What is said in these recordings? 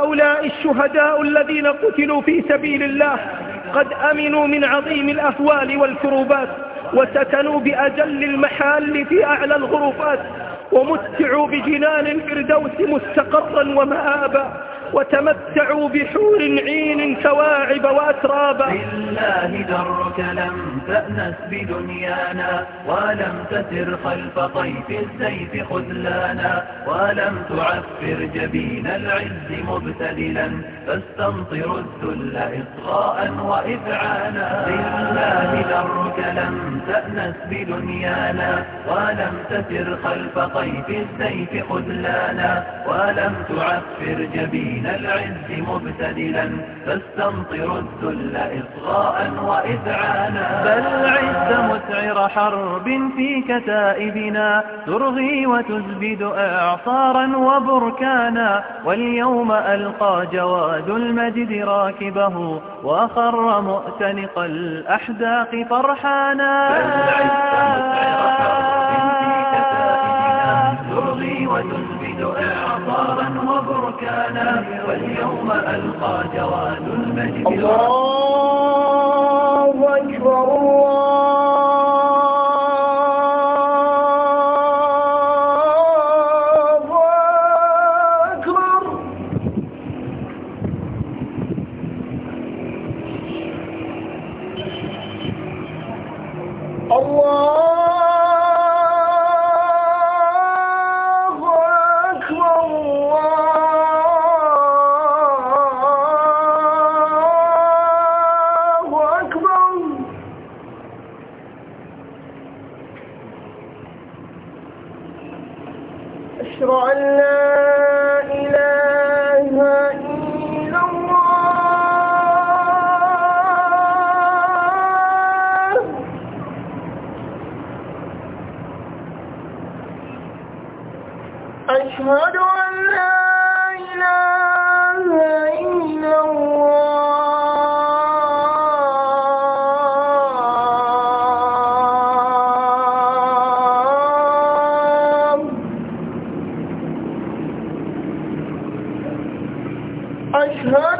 هؤلاء الشهداء الذين قتلوا في سبيل الله قد أمنوا من عظيم الأهوال والكروبات وسكنوا بأجل المحال في أعلى الغرفات ومتعوا بجنان الفردوس مستقرا ومآبا وتمتعوا بحور عين كواعب وأترابا لله درك لم تأنس بدنيانا ولم تسر خلف طيف السيف خذلانا ولم تعفر جبين العز مبتدلا فاستمطر الذل إصغاء وإذعانا لله درك لم تأنس بدنيانا ولم تسر خلف طيف السيف خذلانا ولم تعفر جبين من العز مبتدلا فاستمطر الذل إصغاء وإذعانا بل عز مسعر حرب في كتائبنا ترغي وتزبد إعصارا وبركانا واليوم ألقى جواد المجد راكبه وخر مؤتنق الأحداق فرحانا بل عز مسعر حرب لنا واليوم ألقى جواد المجد الله أكبر heard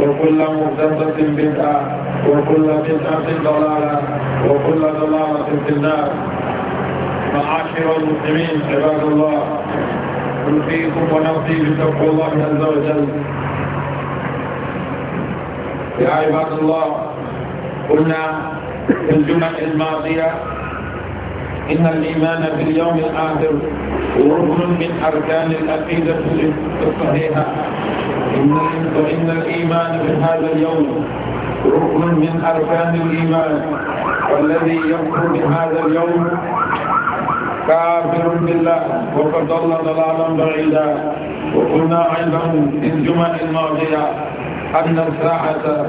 وكل مهدسة بدعة وكل بدعة ضلالة وكل ضلالة في النار معاشر المسلمين عباد الله ألقيكم ونفسي بتقوى الله عز وجل يا عباد الله قلنا في الجمل الماضية إن الإيمان باليوم الآخر ركن من أركان العقيدة الصحيحة فإن الإيمان بهذا اليوم ركن من أركان الإيمان والذي يكفر بهذا اليوم كافر بالله وقد ضل ضلالا بعيدا وقلنا عندهم في الجمعة الماضية أن الساعة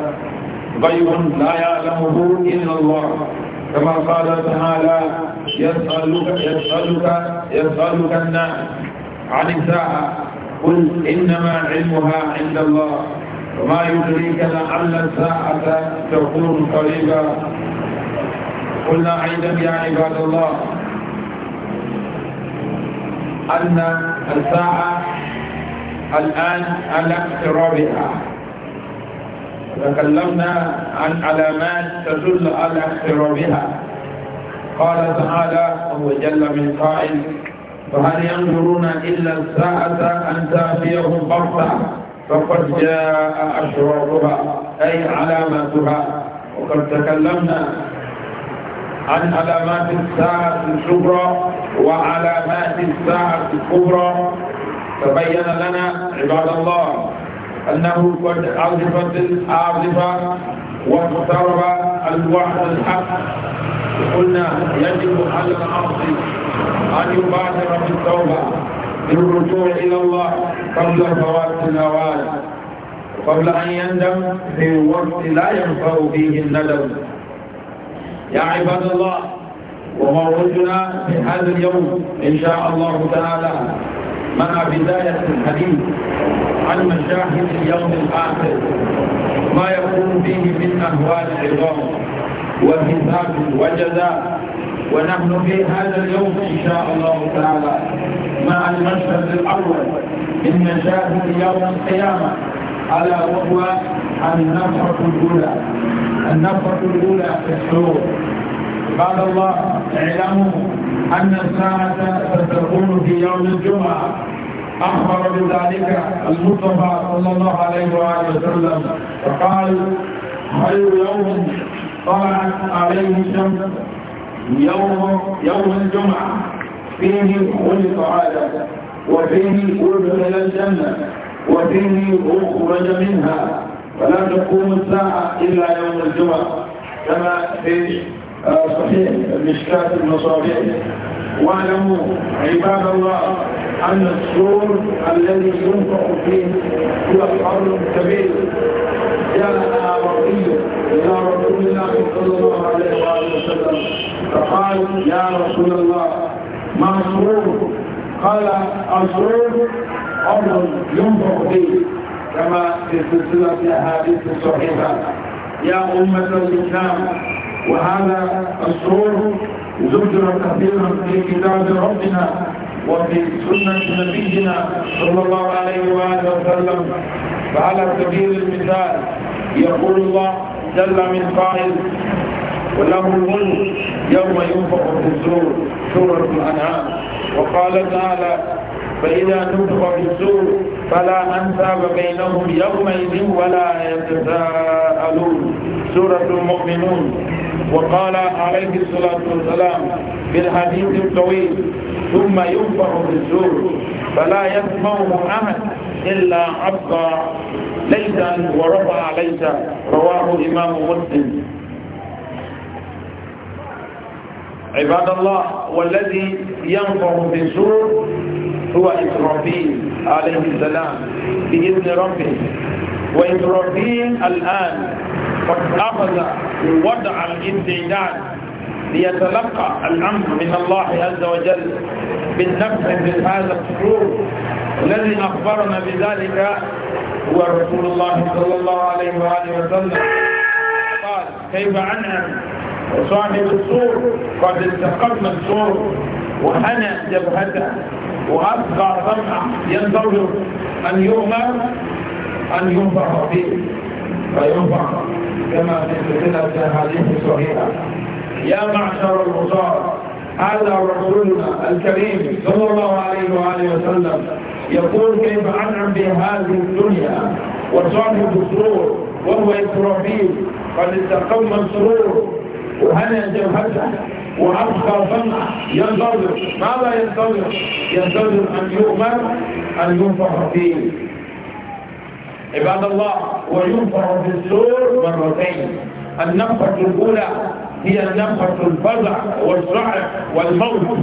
غيب لا يعلمه إلا الله كما قال تعالى يسألك يسألك يسألك الناس عن الساعة قل إنما علمها عند الله وما يدريك لعل الساعة تكون قريبا قلنا أيضا يا عباد الله أن الساعة الآن على اقترابها تكلمنا عن علامات تدل على اقترابها قال تعالى وهو جل من قائل فهل ينظرون إلا الساعة أن تأتيهم بغتة فقد جاء أشرارها أي علاماتها وقد تكلمنا عن علامات الساعة الكبرى وعلامات الساعة الكبرى تبين لنا عباد الله أنه قد أرجفت الآرجفة واقترب الوعد الحق قلنا يجب على الأرض أن يبادر بالتوبة بالرجوع إلى الله قبل فوات الأوان قبل أن يندم في وقت لا ينفع فيه الندم يا عباد الله وموعدنا في هذا اليوم إن شاء الله تعالى مع بداية الحديث عن مشاهد اليوم الآخر ما يكون فيه من أهوال عظام وحساب وجزاء ونحن في هذا اليوم إن شاء الله تعالى مع المشهد الأول من مشاهد يوم القيامة ألا وهو النفحة الأولى النفحة الأولى في السور قال الله اعلموا أن الساعة ستكون في يوم الجمعة أخبر بذلك المصطفى صلى الله عليه وآله وسلم فقال خير يوم طلعت عليه الشمس يوم يوم الجمعة فيه خلق آدم وفيه أدخل الجنة وفيه أخرج منها فلا تقوم الساعة إلا يوم الجمعة كما في صحيح مشكات المصابيح واعلموا عباد الله أن السور الذي ينفع فيه هو حر كبير جاء أعرابي إلى رسول الله صلى الله عليه وآله وسلم فقال يا رسول الله ما السور قال السرور أمر ينفع فيه كما في سلسلة الأحاديث الصحيحة يا أمة الإسلام وهذا السرور ذكر كثيرا في كتاب ربنا وفي سنة نبينا صلى الله عليه وآله وسلم فعلى سبيل المثال يقول الله جل من قائل وله الملك يوم ينفق في السور سورة الأنعام وقال تعالى فإذا نفق في السور فلا أنساب بينهم يومئذ ولا يتساءلون سورة المؤمنون وقال عليه الصلاة والسلام في الحديث الطويل ثم ينفخ بالسور فلا يسمعه أحد إلا عبد ليسا ورفع ليسا رواه إمام مسلم عباد الله والذي ينفخ بالسور هو إسرافيل عليه السلام بإذن ربه وإسرافيل الآن قد أخذ وضع الامتداد ليتلقى الأمر من الله عز وجل بالنفع من هذا الشرور الذي أخبرنا بذلك هو رسول الله صلى الله عليه وآله وسلم قال كيف أنعم صاحب السور قد التقمنا السور وأنا جبهته وأبقى طمعه ينتظر أن يؤمر أن ينفع فيه فيرفع كما في سلسلة أحاديث صحيحة يا معشر الغزار هذا رسولنا الكريم صلى الله عليه وآله وسلم يقول كيف أنعم بهذه الدنيا وصاحب السرور وهو إسرافيل قد استقم السرور وهنا جبهته وأبقى فمه ينتظر ماذا ينتظر؟ ينتظر أن يؤمر أن ينفخ فيه عباد الله وينفع بالسور مرتين النفخة الأولى هي النفخة الفزع والرعب والموت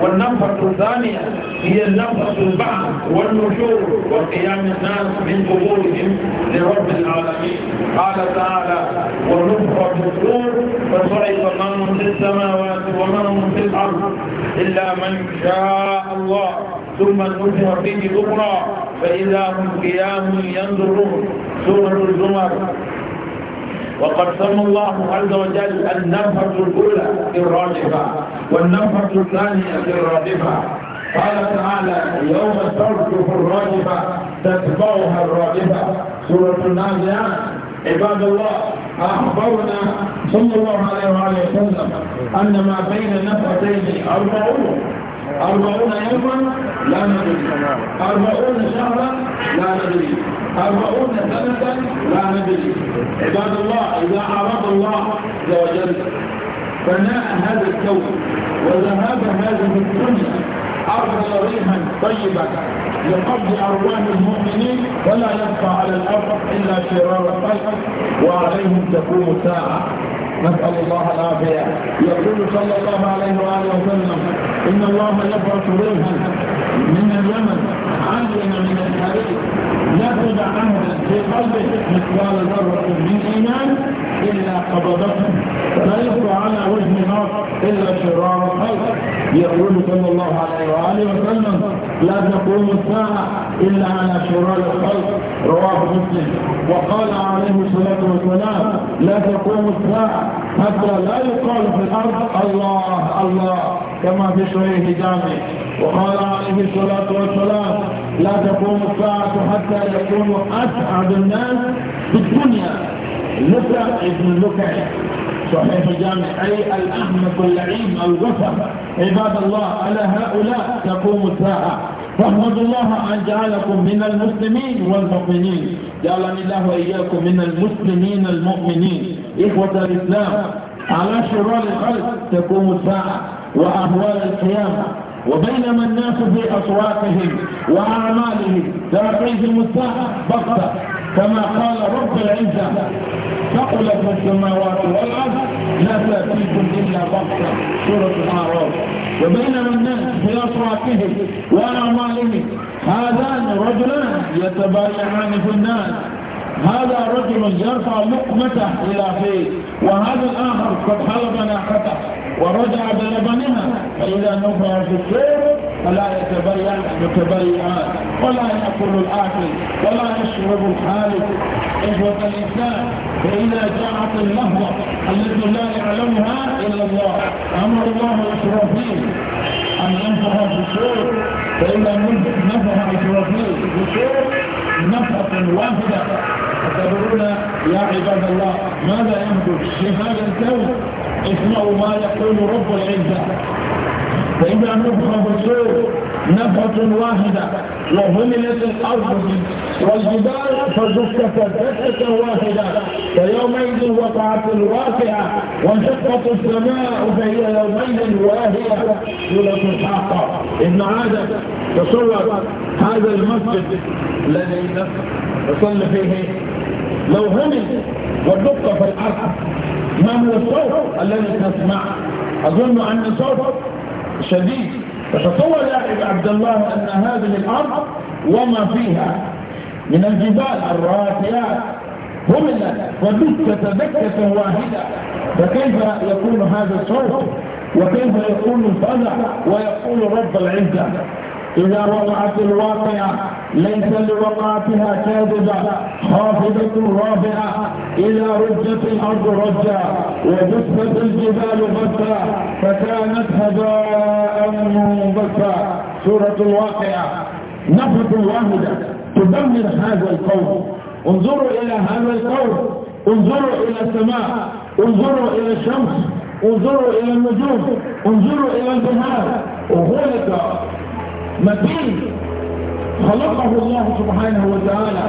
والنفخة الثانية هي النفخة البعث والنشور وقيام الناس من قبورهم لرب العالمين قال تعالى ونفخ بالصور فصعق من في السماوات ومن في الأرض إلا من شاء الله ثم نفخ فيه أخرى فإذا هم قيام ينظرون سورة الزمر وقد سمى الله عز وجل النفحة الأولى الراجفة والنفحة الثانية الرادفة قال تعالى يوم ترجف الراجفة تتبعها الراجفة سورة النازعات عباد الله أخبرنا صلى الله عليه وآله وسلم أن ما بين نفحتين أربعون أربعون يوما لا ندري أربعون شهرا لا ندري أربعون سنة لا ندري عباد الله إذا أراد الله عز وجل فناء هذا الكون وذهاب هذه الدنيا أرض ريحا طيبة لقبض أرواح المؤمنين ولا يبقى على الأرض إلا شرار الطيب وعليهم تكون ساعة نسأل الله العافية يقول صلى الله عليه وآله وسلم إن الله يفرس روحا من اليمن علم من الحريق لا تدع أهدا في قلبه مثقال ذرة من إيمان إلا قبضته لا يبقى على وجه النار إلا شرار الخير يقول صلى الله عليه وآله وسلم لا تقوم الساعة إلا على شرار الخلق رواه مسلم وقال عليه الصلاة والسلام لا تقوم الساعة حتى لا يقال في الأرض الله الله كما في شريه جامع وقال عليه الصلاة والسلام لا تقوم الساعة حتى يكون أسعد الناس في الدنيا لسع ابن لكع صحيح الجامع أي الأحمق اللعين الغفر عباد الله على هؤلاء تقوم الساعة فاحمدوا الله أن جعلكم من المسلمين والمؤمنين جعلني الله وإياكم من المسلمين المؤمنين إخوة الإسلام على شرار الخلق تقوم الساعة وأهوال القيامة وبينما الناس في أصواتهم وأعمالهم تأتيهم الساعة بغتة كما قال رب العزة فقلت في السماوات والأرض لا تأتيكم إلا بغتة سورة الأعراف وبينما الناس في أصواتهم وأعمالهم هذان رجلان يتبايعان في الناس هذا رجل يرفع لقمته إلى فيه وهذا الآخر قد حلب ناقته ورجع بلبنها فإذا نفع في السير فلا يتبيع المتبيعات ولا يأكل الآكل ولا يشرب الحالف إخوة الإنسان فإذا جاءت اللهوة التي لا يعلمها إلا الله أمر الله إشرافيل أن ينفع البشور فإذا نفع إشرافيل بشور نفعة واحدة تدرون يا عباد الله ماذا يحدث في هذا الكون اسمعوا ما يقول رب العزة فإذا نفخ بالصور نفخة واحدة وهملت الأرض والجبال فزكت دفعة واحدة فيومئذ وقعت الواقعة وانشقت السماء فهي يومئذ واهية سورة الحاقة ابن عادم تصور هذا المسجد الذي يصلي فيه لو همل ودق في الأرض ما هو الصوت الذي نسمعه أظن أن صوت شديد تصور يا عبد الله أن هذه الأرض وما فيها من الجبال الراسيات هملت ودكت دكة واحدة فكيف يكون هذا الصوت وكيف يكون الفزع ويقول رب العزة إذا وقعت الواقعة ليس لوقعتها كاذبة خافضة رافعة إذا رجت الأرض رجا وجثت الجبال غسا فكانت هباء منبثا سورة الواقعة نفة واحدة تدمر هذا القوم انظروا إلى هذا القوم انظروا إلى السماء انظروا إلى الشمس انظروا إلى النجوم انظروا إلى البهار وهلك مكان خلقه الله سبحانه وتعالى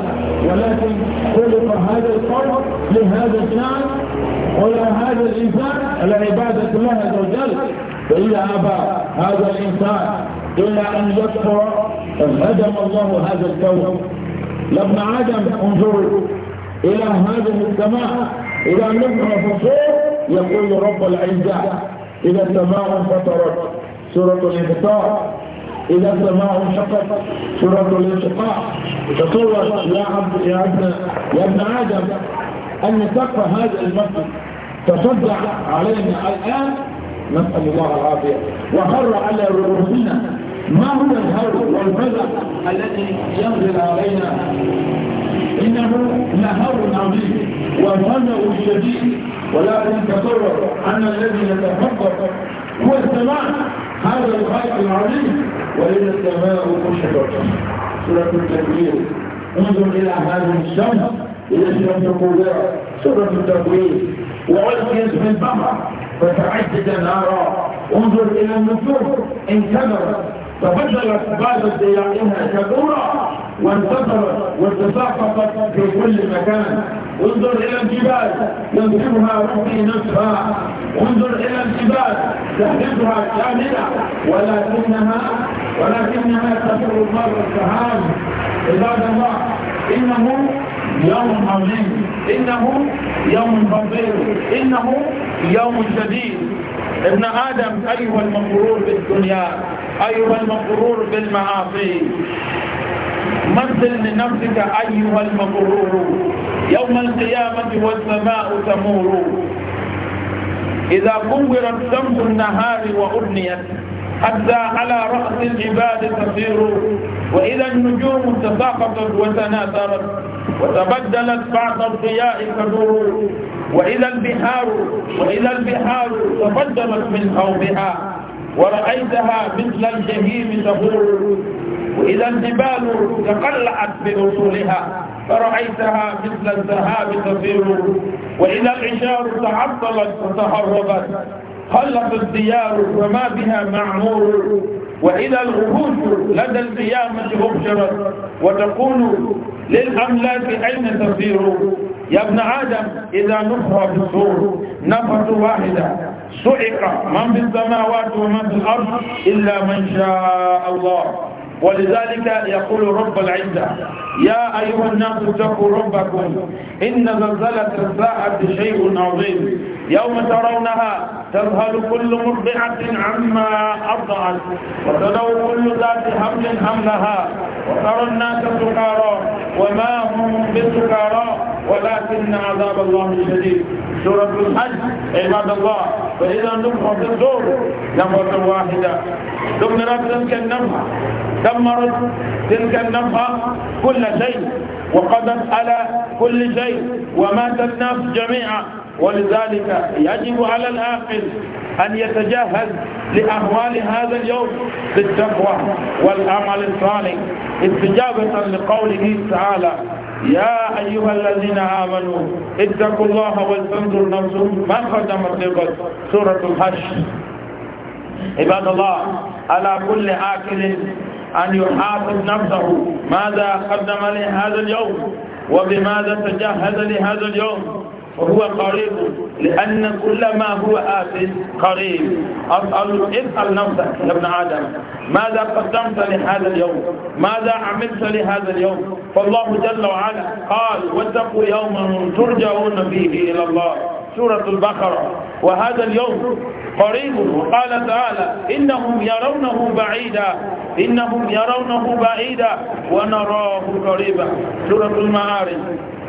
ولكن خلق هذا القوم لهذا الشعب هذا الإنسان لعبادة الله عز وجل فإذا أبى هذا الإنسان إلا أن يكفر هدم الله هذا الكون لابن عدم انظروا إلى هذه السماء إلى نفر فصول يقول رب العزة إذا السماء انفطرت سورة الانفطار إذا السماء انشقت سورة الانشقاق تصور يا عبد يا ابن يا ابن آدم أن تقوى هذا المسجد تصدع علينا الآن نسأل الله العافية وخر على رؤوسنا ما هو الهول والفزع الذي ينزل علينا إنه لهول عظيم والفزع الشديد ولكن تصور أن الذي يتفكر هو السماء هذا الغيب العظيم وإذا السماء كشفت سورة التكوير انظر إلى هذه الشمس إلى الشمس قدرت سورة التكوير وألقيت في البحر فتعدت نارا انظر إلى النفور انكدرت تبدلت بعض ضياعها كبورا وانتصرت وتساقطت في كل مكان انظر إلى الجبال ينصبها ربي نصفا انظر إلى الجبال تحرسها كاملة ولكنها ولكنها تفر مرة هذه عباد الله إنه يوم عظيم إنه يوم فضيل إنه يوم شديد ابن آدم أيها المغرور بالدنيا أيها المغرور بالمعاصي مثل لنفسك أيها المغرور يوم القيامة والسماء تمور إذا كبرت شمس النهار وأبنيت حتى على رأس الجبال تسير وإذا النجوم تساقطت وتناثرت وتبدلت بعض الضياء تدور وإذا البحار وإذا البحار تبدلت من قومها ورأيتها مثل الجحيم تدور وإذا الجبال تقلعت بأصولها فرأيتها مثل الذهاب تسير وإذا العشار تعطلت وتهربت خلق الديار وما بها معمور وإذا الغبوش لدى القيامة أبشرت وتقول للأملاك أين تصير يا ابن آدم إذا نفر بالسور نفرة واحدة سعق من في السماوات ومن في الأرض إلا من شاء الله ولذلك يقول رب العزة يا أيها الناس اتقوا ربكم إن زلزلة الساعة شيء عظيم يوم ترونها تذهل كل مرضعة عما أرضعت وتدعو كل ذات حمل حملها وترى الناس سكارى وما هم بسكارى ولكن عذاب الله شديد سورة الحج عباد الله فإذا نفخ في الزور نفخة واحدة ثم نرى تلك النمحة دمرت تلك النمحة كل شيء وقضت على كل شيء ومات الناس جميعا ولذلك يجب على العاقل أن يتجهز لأهوال هذا اليوم بالتقوى والعمل الصالح استجابة لقوله تعالى يا أيها الذين آمنوا اتقوا الله والتنظر نفسه ما قدمت لغد سورة الحش عباد الله على كل آكل أن يحاسب نفسه ماذا قدم لهذا اليوم وبماذا تجهز لهذا اليوم وهو قريب لأن كل ما هو آت قريب أسأل اسأل نفسك يا ابن آدم ماذا قدمت لهذا اليوم ماذا عملت لهذا اليوم فالله جل وعلا قال واتقوا يوما ترجعون فيه إلى الله سورة البقرة وهذا اليوم قريب وقال تعالى إنهم يرونه بعيدا إنهم يرونه بعيدا ونراه قريبا سورة المعارف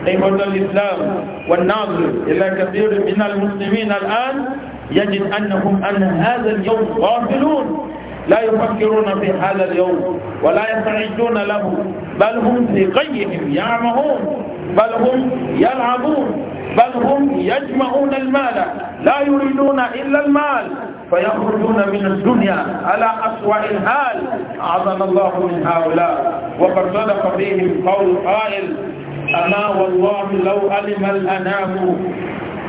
قيمه الإسلام والناظر إلى كثير من المسلمين الآن يجد أنهم ان هذا اليوم غافلون لا يفكرون في هذا اليوم ولا يستعدون له بل هم في قيهم يعمهون بل هم يلعبون بل هم يجمعون المال لا يريدون إلا المال فيخرجون من الدنيا على أسوأ الحال أعظم الله من هؤلاء وقد صدق فيهم قول قائل أما والله لو علم الأنام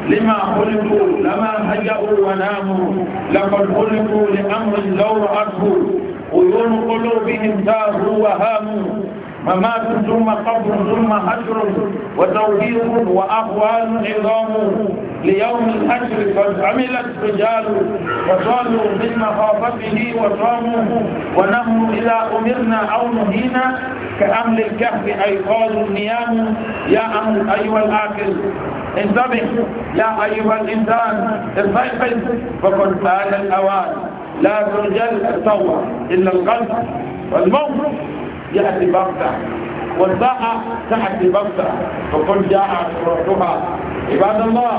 لما خلقوا لما هجأوا وناموا لقد خلقوا لأمر لو رأته عيون قلوبهم تاهوا وهاموا ممات ثم قبر ثم حشر وتوبيخ وأهوال عظام ليوم الحشر قد عملت رجال وصالوا من مخافته وصاموه ونحن إذا أمرنا أو نهينا كأمل الكهف ايقاظ النيام يا أمل أيها الآكل انتبه يا أيها الإنسان استيقظ فقد فات الأوان لا ترجل التوبة إلا القلب والموت يأتي بغتة والساعة تأتي بغتة فقل جاء سورتها عباد الله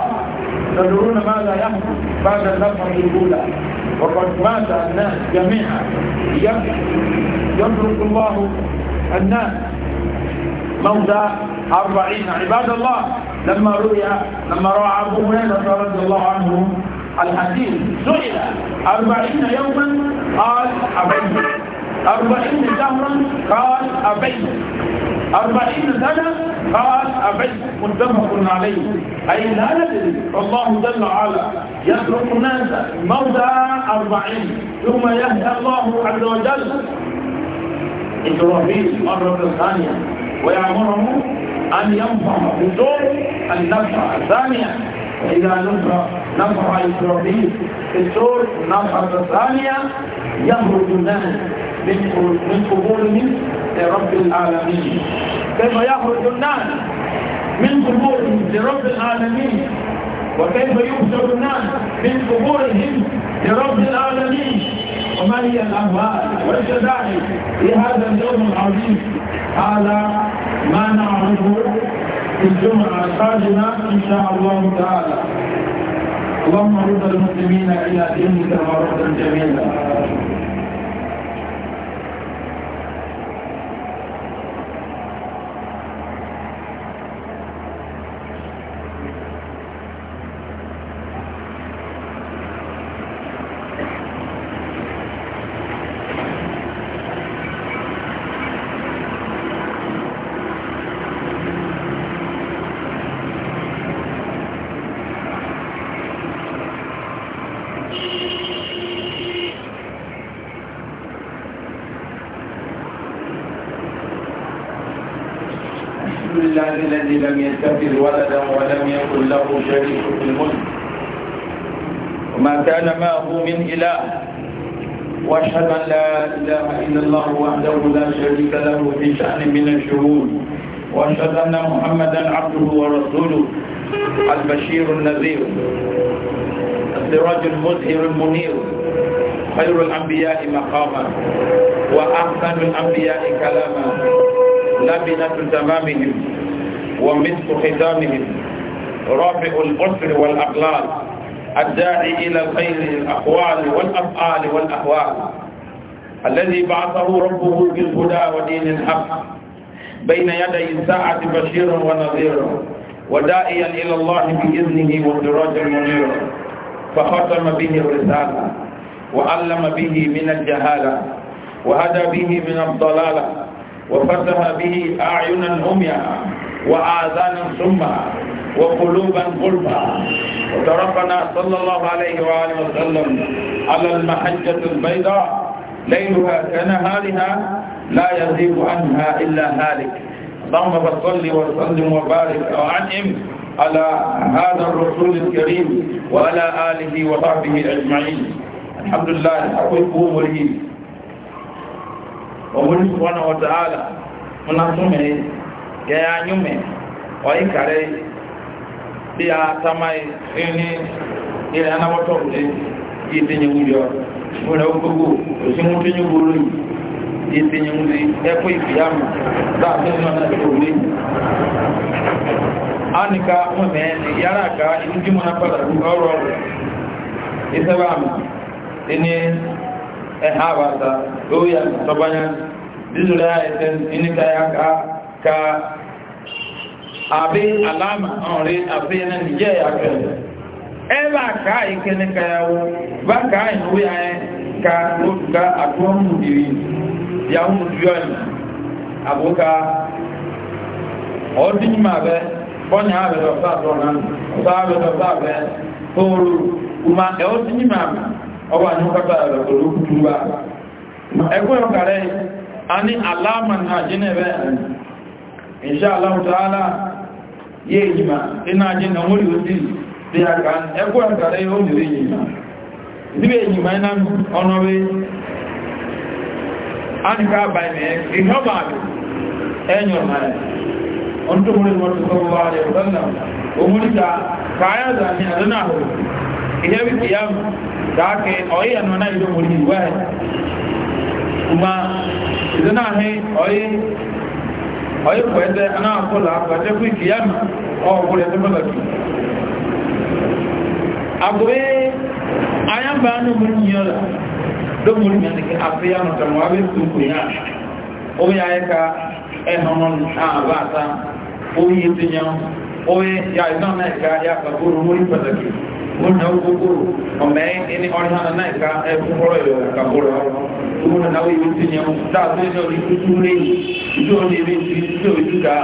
تدرون ماذا يحدث بعد النفحة الأولى وقد مات الناس جميعا يترك الله الناس موتى أربعين عباد الله لما رؤي لما رأى أبو هريرة رضي الله عنه الحديث سئل أربعين يوما قال أبعين أربعين دهرا قال أبي أربعين سنة قال أبي متفق عليه أي لا ندري الله جل وعلا يخلق الناس موتى أربعين ثم يهدى الله عز وجل إبراهيم مرة ثانية ويأمره أن ينفع بدون النفع الثانية إذا نفع نمر على في السور نمر الثانية يخرج الناس من قبورهم لرب العالمين كيف يخرج الناس من قبورهم لرب العالمين وكيف يبشر الناس من قبورهم لرب العالمين وما هي الأهوال والجزائر في هذا اليوم العظيم هذا ما نعرفه في الجمعة القادمة إن شاء الله تعالى اللهم رد المسلمين إلى دينك مرة جميلا لم يتخذ ولدا ولم يكن له شريك في الملك وما كان معه من إله واشهد أن لا إله إلا الله وحده لا شريك له في شأن من الشهود واشهد أن محمدا عبده ورسوله البشير النذير السراج المزهر المنير خير الأنبياء مقاما وأحسن الأنبياء كلاما لبنة تمامهم ومثل ختامهم رافع الأسر والأقلال الداعي إلى الخير الأقوال والأفعال والأهوال الذي بعثه ربه بالهدى ودين الحق بين يدي الساعة بشيرا ونذيرا وداعيا إلى الله بإذنه وسراجا منيرا فختم به الرسالة وعلم به من الجهالة وهدى به من الضلالة وفتح به أعينا عميا وآذانا صما وقلوبا غلبا وتركنا صلى الله عليه وآله وسلم على المحجة البيضاء ليلها كنهارها لا يزيد عنها إلا هالك اللهم صل وسلم وبارك وأنعم على هذا الرسول الكريم وعلى آله وصحبه أجمعين الحمد لله أقول وليه ومن سبحانه وتعالى من أصمه gẹ̀ẹ́ anyúmẹ̀ ọ̀yíkàrẹ́ bí a tamáyé ní ilẹ̀ anábọ́tọ̀ ní ìdínyẹ̀wúyọ múlẹ̀ ogogo òsínwó tó nyúgbò lóyìn ìdínyẹ̀wúrí ẹkọ́ ìfìyàmù láàrin náà náà tó na ánika mọ̀mẹ́ yára àká ìdíjúmọ́ná padà ọrọ̀ ọ̀rọ̀ ìsẹ́bàmù ní ẹ̀há àbàtà lórí àtọ́bányá dídúrà ẹ̀sẹ̀ ìníkà yá ka abin alama ọ̀rẹ́ àfihàn ya àfẹ́lẹ̀ ebe káà ìkẹni kayawo bá ya wu ayẹ ka lóòtùká àtúwọ́n mùdìrí yàwó mùdìrí àbúká ọdún mà bẹ bọ́nyà àbẹ̀dọ̀ sáàtọ̀nà sáàbẹ̀dọ̀ sáàbẹ̀ tóoru kùmà ẹ̀ọ́dún mà ọwọ́ àyíkọ́ta ẹ̀rọ̀ pẹ̀lú kùtùwà ẹgbẹ́ ọkàrẹ́ anyị alama na insha Allah ta'ala ye jima ina jin na muri uti bi aka e ko aka re o ni jima ni be jima ina ono be an ka bai me e no ba e nyo ma on to muri mo sallallahu alaihi wasallam o muri ọyẹ pẹ̀ẹ́dẹ́ anáàkọlọ àpàdé fún ìkìyàmù ọkùnrin ya pàtàkì àgbé ayábà ánàmù yíyànlá lóbùnrin yàn ní àfíyàmù tàwọn abẹ́sùnkù yàn ó yà ẹ́ka ẹ̀họ̀nà onye ó yí na yàn ó yà wona gbogbo ọmọrin ẹni ọdún hàn náà ká ẹkún kọrọ ìlú kàkọrọ owó náà wọ́n yóò ti yẹn dáa tó yẹ ọdún tuntun lẹ́yìn ìjọ òní ebi ti ìjọ ojú ká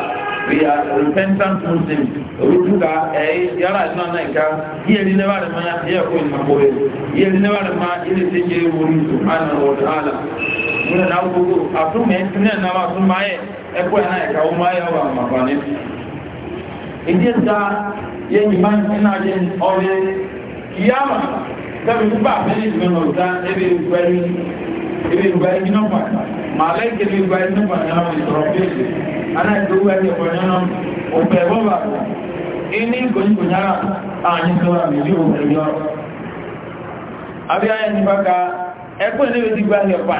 we are repentant muslims ojú ká ẹ yàrá ìlú náà ká yíyẹ ní níwájú mọ yẹ kó ìmọ̀ kó rẹ yíyẹ ní níwájú mọ ilé tí yẹ wọlé ìsùnmánà ọdún àlà wọ́n náà gbogbo àtúmọ̀ ẹ̀ ní ẹ̀ náà wà tún máa yẹ ẹkọ ẹ̀ náà ẹ̀ka wọ́n máa yẹ ọ yanyima ina jin aure kiyama sabi ku ba fere ibn ota ebe gbari ebe gbari gina pa malai ke ebe gbari gina pa na ma tro pe ana do wa ke ko na o pe bo ba ini ko ni ko nyara a ni so ra mi yo o yo abi aya ni baka e ko ni be ti gba ni pa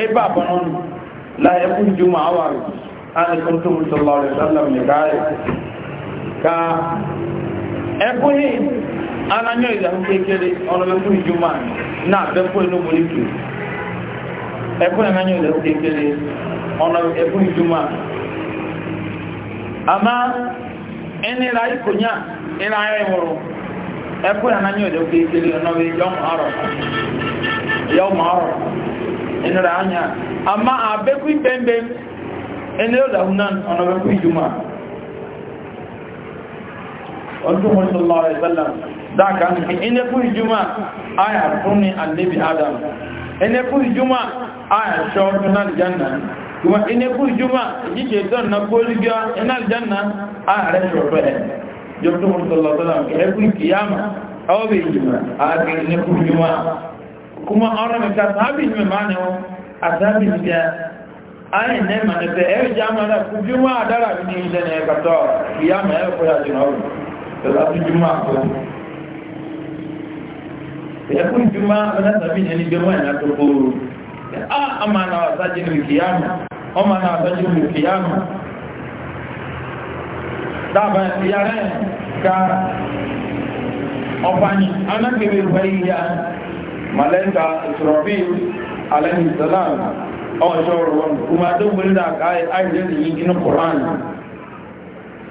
e ba bo non la e ku juma awaru ana kuntum sallallahu alaihi wasallam ni gare ka ekwughị ananya ịzahụkekere ọlọlọpụ ijuma na-abịakwu n'ogbolitu ekwughị ananya ịzahụkekere ọlọlọpụ ijuma ama ẹnira ikonya ẹnira ẹwọrọ ẹkwughị ananya ịzahụkekere ọlọlọpụ yọm arọ yọm arọ ẹnira anya ama na ibembe ẹnira ọlọlọpụ ijuma ọdún sallallahu alaihi wasallam dáka ní ilé fún ìjúmà àyà fún ní annabi adam ilé fún ìjúmà àyà ṣọ́ọ̀tún náà jẹ́nà kuma ilé fún ìjúmà ìjíkẹ̀ ìtọ́n na gbórígá iná jẹ́nà àyà rẹ̀ ṣọ̀fẹ́ ẹ̀ jọ́tún sallallahu alaihi wasallam ilé fún ìkìyàmà ọwọ́ ìjúmà àgbè ilé fún ìjúmà kuma ọ̀rọ̀ mi ká sábì mi máa ní wọn àtàbì mi kẹ́ ayé nẹ́ẹ̀mà nẹ́fẹ́ tọ́lá tún jùmọ̀ àpò. Ẹ̀kún jùmọ̀ ọ̀nàtàbí ẹni jọmọ̀ ẹ̀nà tó kóoru. Á ọmọ náà sájì ní ìkìyàmù, ọmọ náà sájì ní ìkìyàmù. Dábà ìyá rẹ̀ ka ọ̀pánì, anákèrè ìwáyé ya, Màlẹ́ta Ìṣòrọ̀bí, Alẹ́ni Sàlám, ọ̀ṣọ́ ọ̀rọ̀ wọn,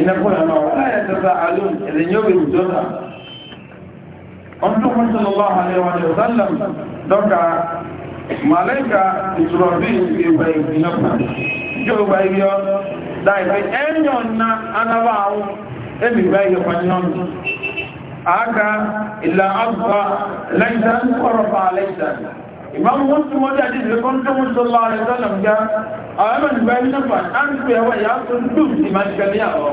ìnàkúnlẹ̀ náà wọ́n láyé tẹ́ta alóòn ẹ̀lẹ́yìn òbí ìjọba ọdún kan sọ́lọ́ bá àlẹ́ wọn lè sálẹ̀ dọ́ka màlẹ́ka ìṣòro bí ìgbà ìgbìnàkà jọ ìgbà ìgbì ọ dáìbẹ́ ẹ̀yàn na anábà imam muslim wani hadisi da kun tumu sallallahu alaihi wasallam ga aman bayan nan ba an ku yawa ya sun dum iman kamiya ba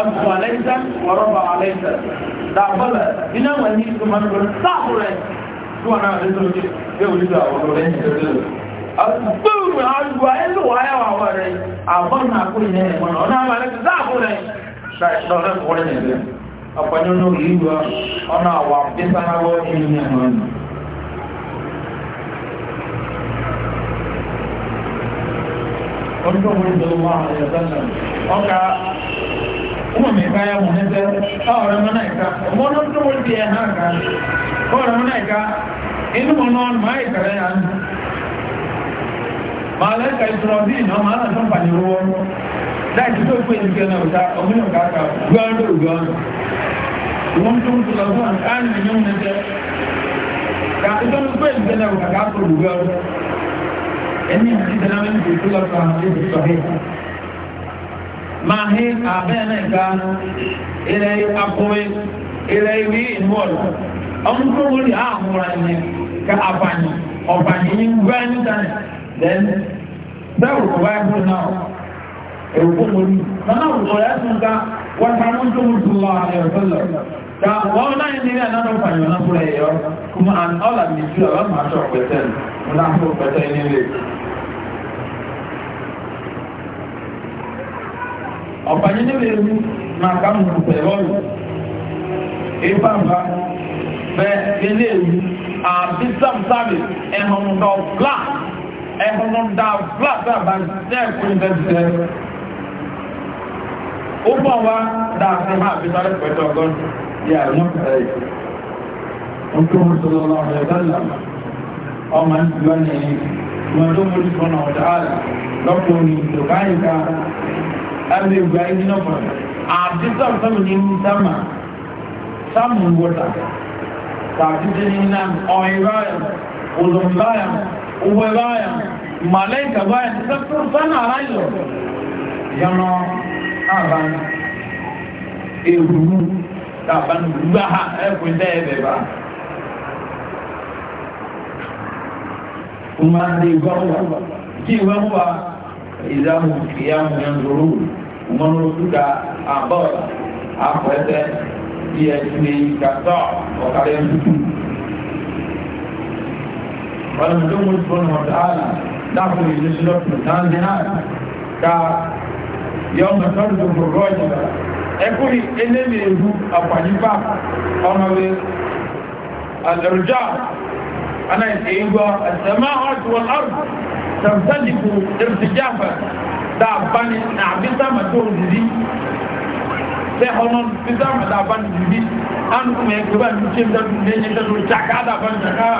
am falaita wa rabba alaita da bala ina wani kuma don sahura zuwa na da zuwa ya wuri da wa ran da abubu alwa elu waya wa wa rai abon na ku ọ̀pọ̀nyọ́ lórí ìwọ ọ̀nà àwọn àpẹ́sánáwọ́ nínú ẹ̀mọ́ ẹ̀mọ́ ọdún ìdọ̀lọ́wọ́ àwọn ẹ̀sánà ọkà ọmọ mi ká yá mọ̀ nígbẹ́ ọ̀rẹ́ mọ́ náà ìka ọmọ ọdún tó wọ́n ti ẹ̀ náà ká ọ̀rẹ́ mọ́ náà ìka inú mọ̀ náà máa ìkàrẹ́ yà ń máa lẹ́ka ìṣòro bí iná máa náà tó ń pàdé owó وانتم تلقون الآن من يوم نجد كاتبان البيت جنا وكاتب الوغار إني حديثنا من في كل الحديث الصحيح ما هي أبانا كان إلى أقوي إلى وين مول أم كل أمورنا كأباني أباني وين كان then bẹ́ẹ̀ wò wáyé fún náà èrò fún mi nínú ọ̀rọ̀ ẹ̀sùn ká wọ́n ta ló ń tó mú jùlọ àrẹ̀ ọ̀sẹ̀ lọ. That one night in another one, you're not playing here. not sure better. You're not sure better in English. Ọ̀pàá yìí lè mú máa ká mú pẹ̀lọ́rù. Ifá bá bẹ́ẹ̀ ilé ìlú àti sàmsàmì ẹ̀họ̀nùdà flat ẹ̀họ̀nùdà flat àbájẹ́ ẹ̀kùn ìbẹ̀sẹ̀ ó bọ̀ wá dáàfin máa fi sáré pẹ̀lú ọgọ́rùn yà ẹ̀mọ́ ẹ̀yẹ ọkọ̀ mọ̀sọ̀lọ́lọ́ ọ̀rẹ́ ìbálà ọmọ ìgbà ní mọ̀tò mọ̀tò fọ́nà ọ̀dà àlà lọ́pọ̀ ní ìdòkáyìká ẹgbẹ́ ìgbà ìgbìnà pọ̀ àti sọ́ọ̀sọ́mù ní sáàmà sáàmù wọ́tà tàbí jẹ́ ní náà ọ̀ìbáyà òdòmbáyà òwẹ́báyà màlẹ́ ìkàbáyà ti sọ́ọ̀sọ́nà aláìlọ́ yọ̀nà àbá ewúrú tàbá gbá ha ẹkùn dẹ́ẹ̀bẹ̀ bá. Mo máa ń lè gbọ́ wà. Tí ìwé ń wà, ìdáhùn ìyáhùn yẹn lóró, mo ń lókù ká àbọ̀ àpọ̀ ẹsẹ̀ bí ẹsẹ̀ lè gàtọ̀ ọ̀kadà ẹ̀dúkú. Wọ́n lè tó mú ìfọ̀nà ọ̀dà àlà dákùn ìdíṣẹ́ lọ́pọ̀ náà ní àná ká yọ́nà tọ́lù gbogbo ọjọ́ ẹkùnrin eléèrè ìlú àpàyípa ọmọwé àdẹ̀rùjá aláìsẹ̀yìnbọ̀ àtẹ̀má ọ̀tún ọ̀rùn tẹ̀mtẹ́lìkù ìrìsìjáfà dáàbáni àbísàmà tó rìrí tẹ́ ọmọ bísàmà dáàbáni rìrí ánùkùnmẹ̀ ẹgbẹ̀bá ní ṣe ń dẹ́rù ní ẹ̀ṣẹ́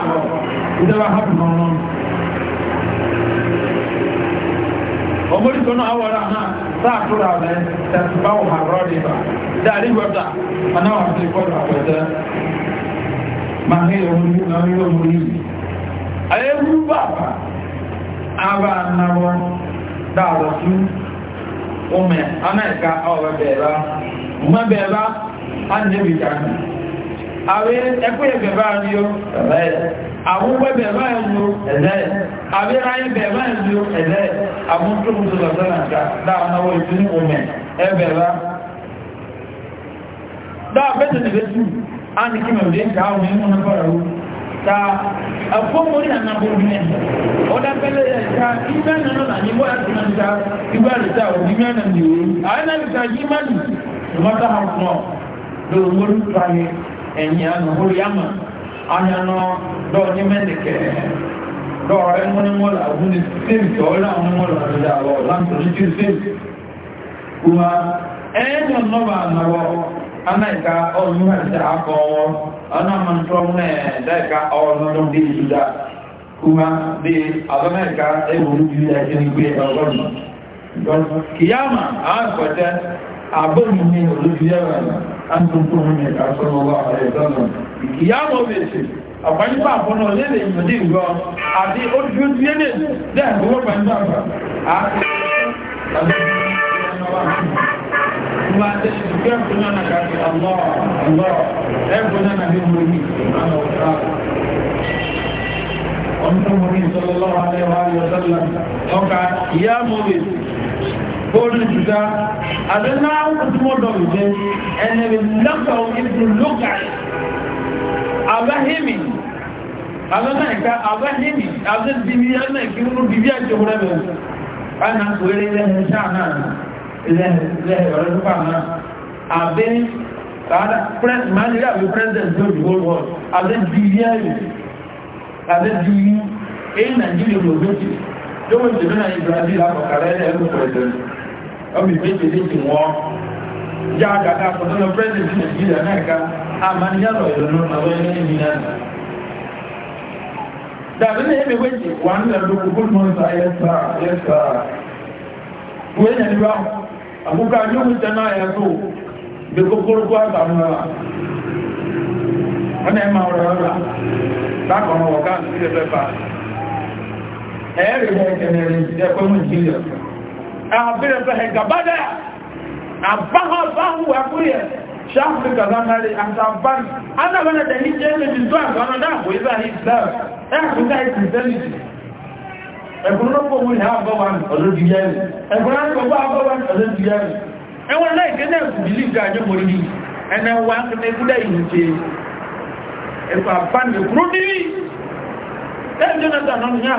omori kono awara ha sa tura me ta ba o ha rodi ba da ri wata ana wa ti ko da wata ma he o ni na ni o ni aye ru ba ba aba na wo da wo su o me ana ka o ba be ba ma be ba an ne bi kan awe àbí ayé bẹ̀rẹ̀ máa ń lo ẹ̀lẹ́ àmúntòmùtò lọ́sánàká dáadáwọ̀ ìpínlẹ̀ omen ẹbẹ̀rẹ̀ dáa bẹ́tẹ̀ nìbẹ̀ tù á ní kí mẹ̀rẹ̀ ń káà wọn mú nípọ̀rọ̀ wú ta afọ́mọ́rí ànàbọ̀dúnẹ̀ ọ̀dápẹ́lẹ̀ ẹ̀ka ìgbẹ́ nínú nà ní bọ́yá tó máa ń ta ìgbà àrùtà òbí mẹ́rin ní òru àyẹ́nàbìta yìí má lù mọ́tà hàn fún ọ lórí mórí tó ayé ẹ̀yìn àná mórí yàmà ayánà lọ́ọ̀ ní mẹ́rin kẹ̀ẹ́ lọ́wọ́ rẹ̀ wọ́n ní wọ́n là fún ní sèm tọ́ láwọn wọ́n là ní àwọ̀ láǹtọ̀ ní kí sèm kuma ẹ̀yẹ́ nọ́bà àmàwọ̀ anáìka ọdún àti àkọ́ ọwọ́ ọ̀nàmọ̀ntọ́ náà ọdún dé ìjúdá kuma dé abẹ́mẹ́ka ẹ̀wọ̀n ojú ẹ̀kẹ́ ní pé ọgọ́rùn kìyàmà àkọ́jẹ́ àbọ̀nù ní olójú ẹ̀wọ̀n ọ̀pọ̀lọpọ̀ àpọ̀nà lẹ́lẹ̀ ìmọ̀dé ìgbọ́ àti ojú lẹ́lẹ̀ dẹ́gbọ́n pẹ̀lú àgbà ma ṣe ṣùgbẹ́ ẹ̀kùnà náà kàrí àlọ́ ẹ̀kùnà náà bí mo rí ìmọ̀ ọ̀tá ọmọdé sọlọ́lọ́wọ́ alẹ́wà ayọ̀sọ́lá ọkà ìyá mọ̀wé bóòlù jùdá àdẹ́láwọ̀ tí wọ́n dọ̀ abahimi abanaika abahimi abdibia na kiunu bibia chobura be ana kwere ile sana ile ile wala pana abe kada press man ya be president of the whole world abe bibia ile abe bibia e Nigeria lo gbe do mo je na Brazil akokare ile president o mi pe je ti won ka àdàkà pọ̀lọ́lọ́ president Nigeria ndị náà ká àmàníyàrọ̀ ìlọ́nà àwọn ẹgbẹ́ ìrìnà dàbí ní ẹgbẹ́ wéjì wà ń lẹ́lú good morning sir yes sir yes sir wọ́n yẹn níbà àkókò àjọ́mù tẹ́nà ẹ̀ẹ́sọ́ bí ya àtàmúra wọ́n ẹ̀ máa rọrọ̀ ya lákọ̀ọ́nà wọ̀ká sí ẹgbẹ́ bá ẹ̀ẹ́rẹ̀ ẹ̀kẹ́ abaha bahu akuya shafu kadhamari atabani ana wana dalili yale mizwangu anataka kuiza Islam eh kuiza Islam ẹ̀kùn náà kò wúlẹ̀ àbọ̀ wa ọlọ́dún yẹn ẹ̀kùn náà kò wá àbọ̀ wa ọlọ́dún yẹn ẹwọ́n náà ìgbẹ́nà ẹ̀kùn ìlú ìgbà àjọ mọ̀ ní ẹ̀nà wà ń kẹ́kẹ́ kúlẹ̀ ìlú ṣe ẹ̀kùn àbánilẹ̀ kúrò níbi ẹ̀kùn náà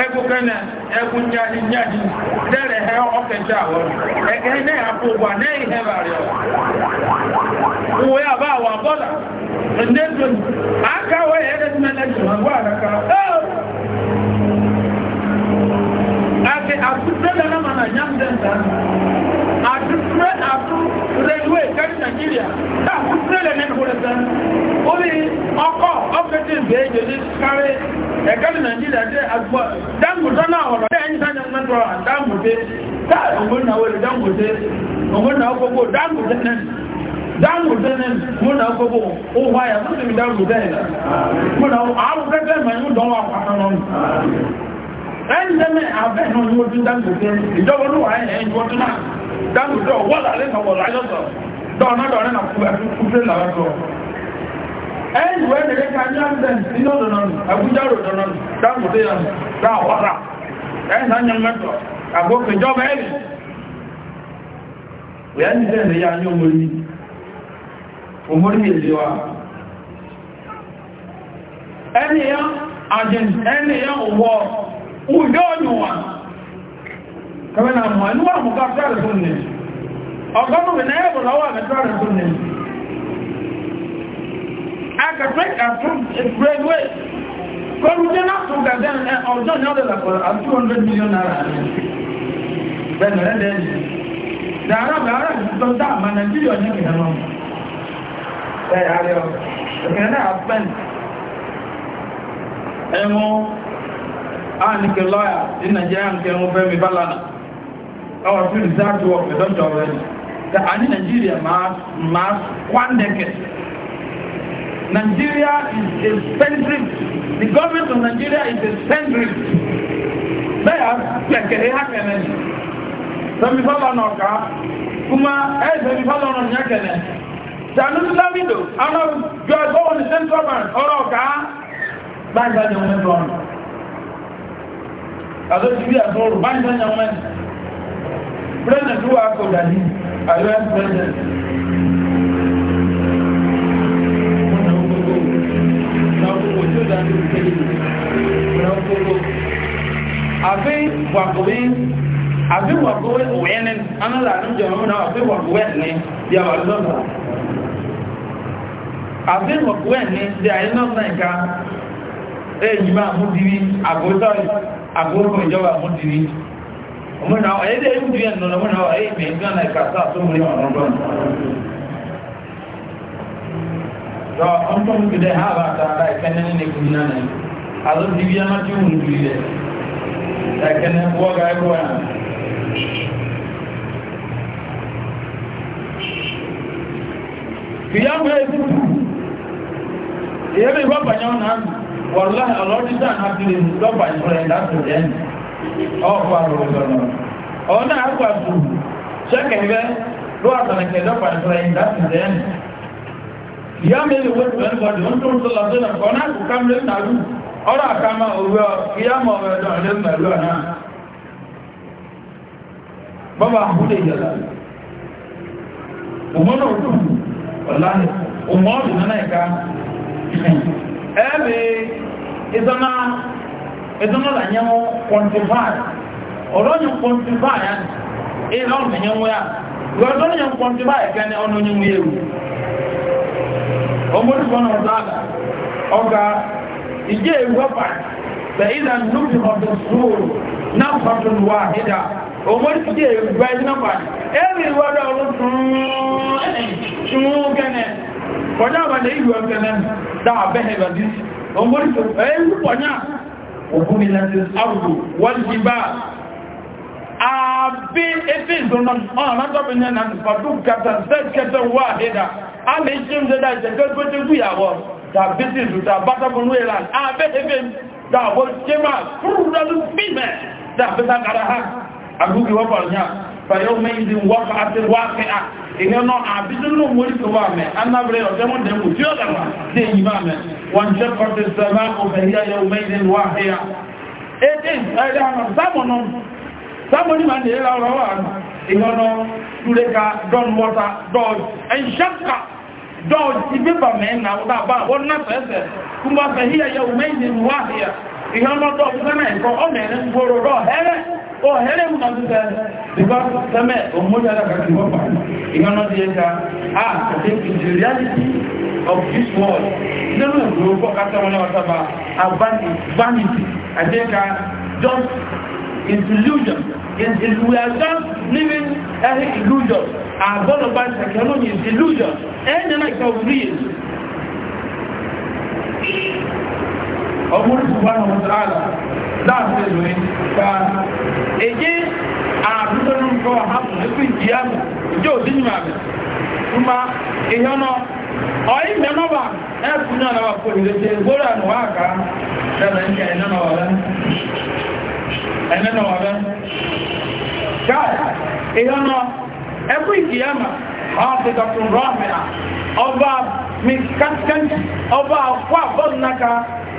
ẹkù kẹ́nà ẹkù jáde jáde dẹ́rẹ̀ ẹ ọ́kẹ̀ṣẹ́ àwọn ẹ̀kẹ́ ní àpògbà náà ẹ̀bà rẹ̀ òwe àbá àwọn bọ́lá ndéjòní àkáwẹ́ ẹ̀ẹ́dẹ́gbẹ̀lẹ́gbẹ̀rẹ̀ railway carry Nigeria that would trail an influencer only ọkọ̀ ọ̀fẹ́tì ìbéèjì ní kárí ẹ̀kẹ́lì Nigeria dé agbọ́ Dangote náà ọ̀rọ̀ dé ẹ̀yìn sáyẹn náà tọrọ Dangote táà òun náà wọlé Dangote òun náà gbogbo Dangote náà Dangote náà òun náà gbogbo òun wáyà tó ti fi Dangote náà àwọn fẹ́fẹ́ mẹ́rin dánwò àpàtàn náà ẹ̀yìn lẹ́mẹ̀ náà ni mo ti dáńgò fún ìjọba olúwa ẹ̀yìn ìwọ́n tó náà dáńgò tó wọ́lá lẹ́nà wọ̀lá yọ́sọ̀ dọ́ọ̀nà dọ̀ọ̀nà náà kú ẹ̀fún kúfẹ́ làwọn sọ ẹ̀yìn wẹ́n lè ká ní àbẹ́ nínú àbújá tó yà náà nyẹ ìjọba ní omori omori wa ẹni ẹni òwò udonyowa kama na mwanua mukafara sunne ọgbọ́nù mẹ́nẹ́ẹ̀bù lọ́wọ́ àmẹ́tọ́rẹ̀ sunne akàtẹ́ àtúnṣe kọlùjẹ́ náà tún gàdẹ́ ọjọ́ ní ọdọ̀ lọ́pọ̀ 200 million naira bẹ̀rẹ̀ dára bẹ̀rẹ̀ tó ń dáàmà nàìjíríà ní ìrìnà náà bẹ̀rẹ̀ àríọ̀ ìrìnà náà pẹ̀lú ẹ̀wọ̀n anike lawyer in Nigeria nke Nwufemi Balana our field research work we don do already the ani Nigeria mass mass one decade Nigeria is a the government of Nigeria is a spendthrift they are kekere ha kene Femi Balana ọka kuma ẹ Femi Balana ọnya kene Sanu Lamido, Anu Jọ Ẹgbọ́n ní Central Bank, ọ̀rọ̀ ọ̀ka, báyìí bá jẹun mẹ́tọ́ ọ̀nà àtọ́ ti bí àtọ́ rò báyìí sọ́jà mẹ́rin president ló wà kọ̀ dàdí àríwá president àfi wàkùnrin àfi wàkùnrin òwẹ́ni anára àdújọ ọmọdé àfi wàkùnrin di àwọn àdújọ àfi wàkùnrin di àyínlọ́sàn ìka ẹ̀yìn máa mú dìrí àgbótọ́rì àgbókò ìjọba mú dìrí ọmọdé àwọn ẹ̀ẹ́dẹ̀ ìdí ẹ̀nà ọmọdé àwọn ẹ̀ẹ́dẹ̀ ìgbàna ìkàtà tó mú ní ọ̀nà ọdún lọ ọmọdé mú kìdẹ̀ ha bá tààrà ìkẹ́nẹ́ ní ẹkùn náà nà àlọ́ dìbí ẹmà tí ó mú dìrí rẹ̀ ẹ̀kẹ́nẹ́ wọ́gá ẹgbọ́ yà fìyàwó ẹ̀ Wallahi, Allah did not have to stop by praying. That's the end. All power of God. All that I was to check and then Lord and get up by praying. That's the end. Ya mele wo to en body on to la de na kona ku kam le na lu ora kama owo ya mo we do le na ẹ̀ẹ́mì ìdọ́nà ya lànyẹ́ wọn quantify ọ̀rọ̀ yẹn quantify ẹ̀ ìlà ọ̀nà yẹn wọ́n yà ìwọ̀dọ́nà yẹn quantify ẹ̀kẹ́ ní ọ̀nà yẹn wọ́n yẹ̀wò ọmọdébọ̀nà ọ̀dáàlà ọ̀gá ìjẹ́ ìwọ́pà fẹ̀yìnà lóbi ọ̀dọ̀ sóòrò náà fàtún wà ìdá ọmọdébọ̀nà ọ̀dáàlà ẹ̀rì ìwọ́dọ̀ ọ̀rọ̀ pɔnya ba na eyi wɔn da abɛhɛ ba di ɔmɔri sɛ ɛyɛ wu pɔnya ogun ni lati wali ba abe efe zɔnɔ ɔn na na nufadu kata sɛ kɛtɛ wa ahe da ama da ɛsɛ kɛ kɛ kɛ ya da bisi da bata ko nu abe efe da wɔ kyema furu da lu da bɛ kara ha agugi wɔ pɔnya fayọ́mẹ́yìn ti wá fa àti wá fẹ́ à ìyẹn náà àbídúró mórí tó wà mẹ́ anábẹ́rẹ́ ọ̀tẹ́wọ́n dẹ̀mú tí ó dàgbà dé yìí bá mẹ́ wọ́n jẹ́ kọ́tẹ́ sẹ́mà òfẹ́yà yọ̀mẹ́yìn ti wá fẹ́ à. èdè ẹ̀rẹ́ àwọn sámọ̀nà sámọ̀nì máa ń dèrè ra ọ̀rọ̀ wà ìyẹn náà túlẹ̀ka dọ́n wọ́ta dọ́ọ̀jì ẹ̀ńṣẹ́ka dọ́ọ̀jì ìgbébà mẹ́ẹ̀nà ọ̀dà bá wọ́n náà fẹ́ẹ̀fẹ́ kúmbà fẹ́yà yọ̀mẹ́yìn ti wá fẹ́ à ìyẹn náà dọ́ọ̀jì o hele mu nan da diba kame o moja da ka diba pa ingano die ka ah the reality of this world no no go ko ka ta wona vanity i think uh, just is illusion is, is we are just living any illusion our god of bank economy is illusion any like of real ọmọ ìsúnwọ́n ọmọ ìsúnwọ́n láàrin ìlú ìgbà èyí àbúrò ń kọ́ àbùn nípa ìdí àmì ìjọ òdínyìn àmì kuma ìyọ́nà ọ̀yí mẹ́nọ́bà ẹ̀kùn náà lọ́wọ́ kò ìrètí gbóòrò ànúwà àká lẹ́nà ìkẹ́ ẹ̀nẹ́nà ọ̀rẹ́ gáà ìyọ́nà ẹkù ìdí àmà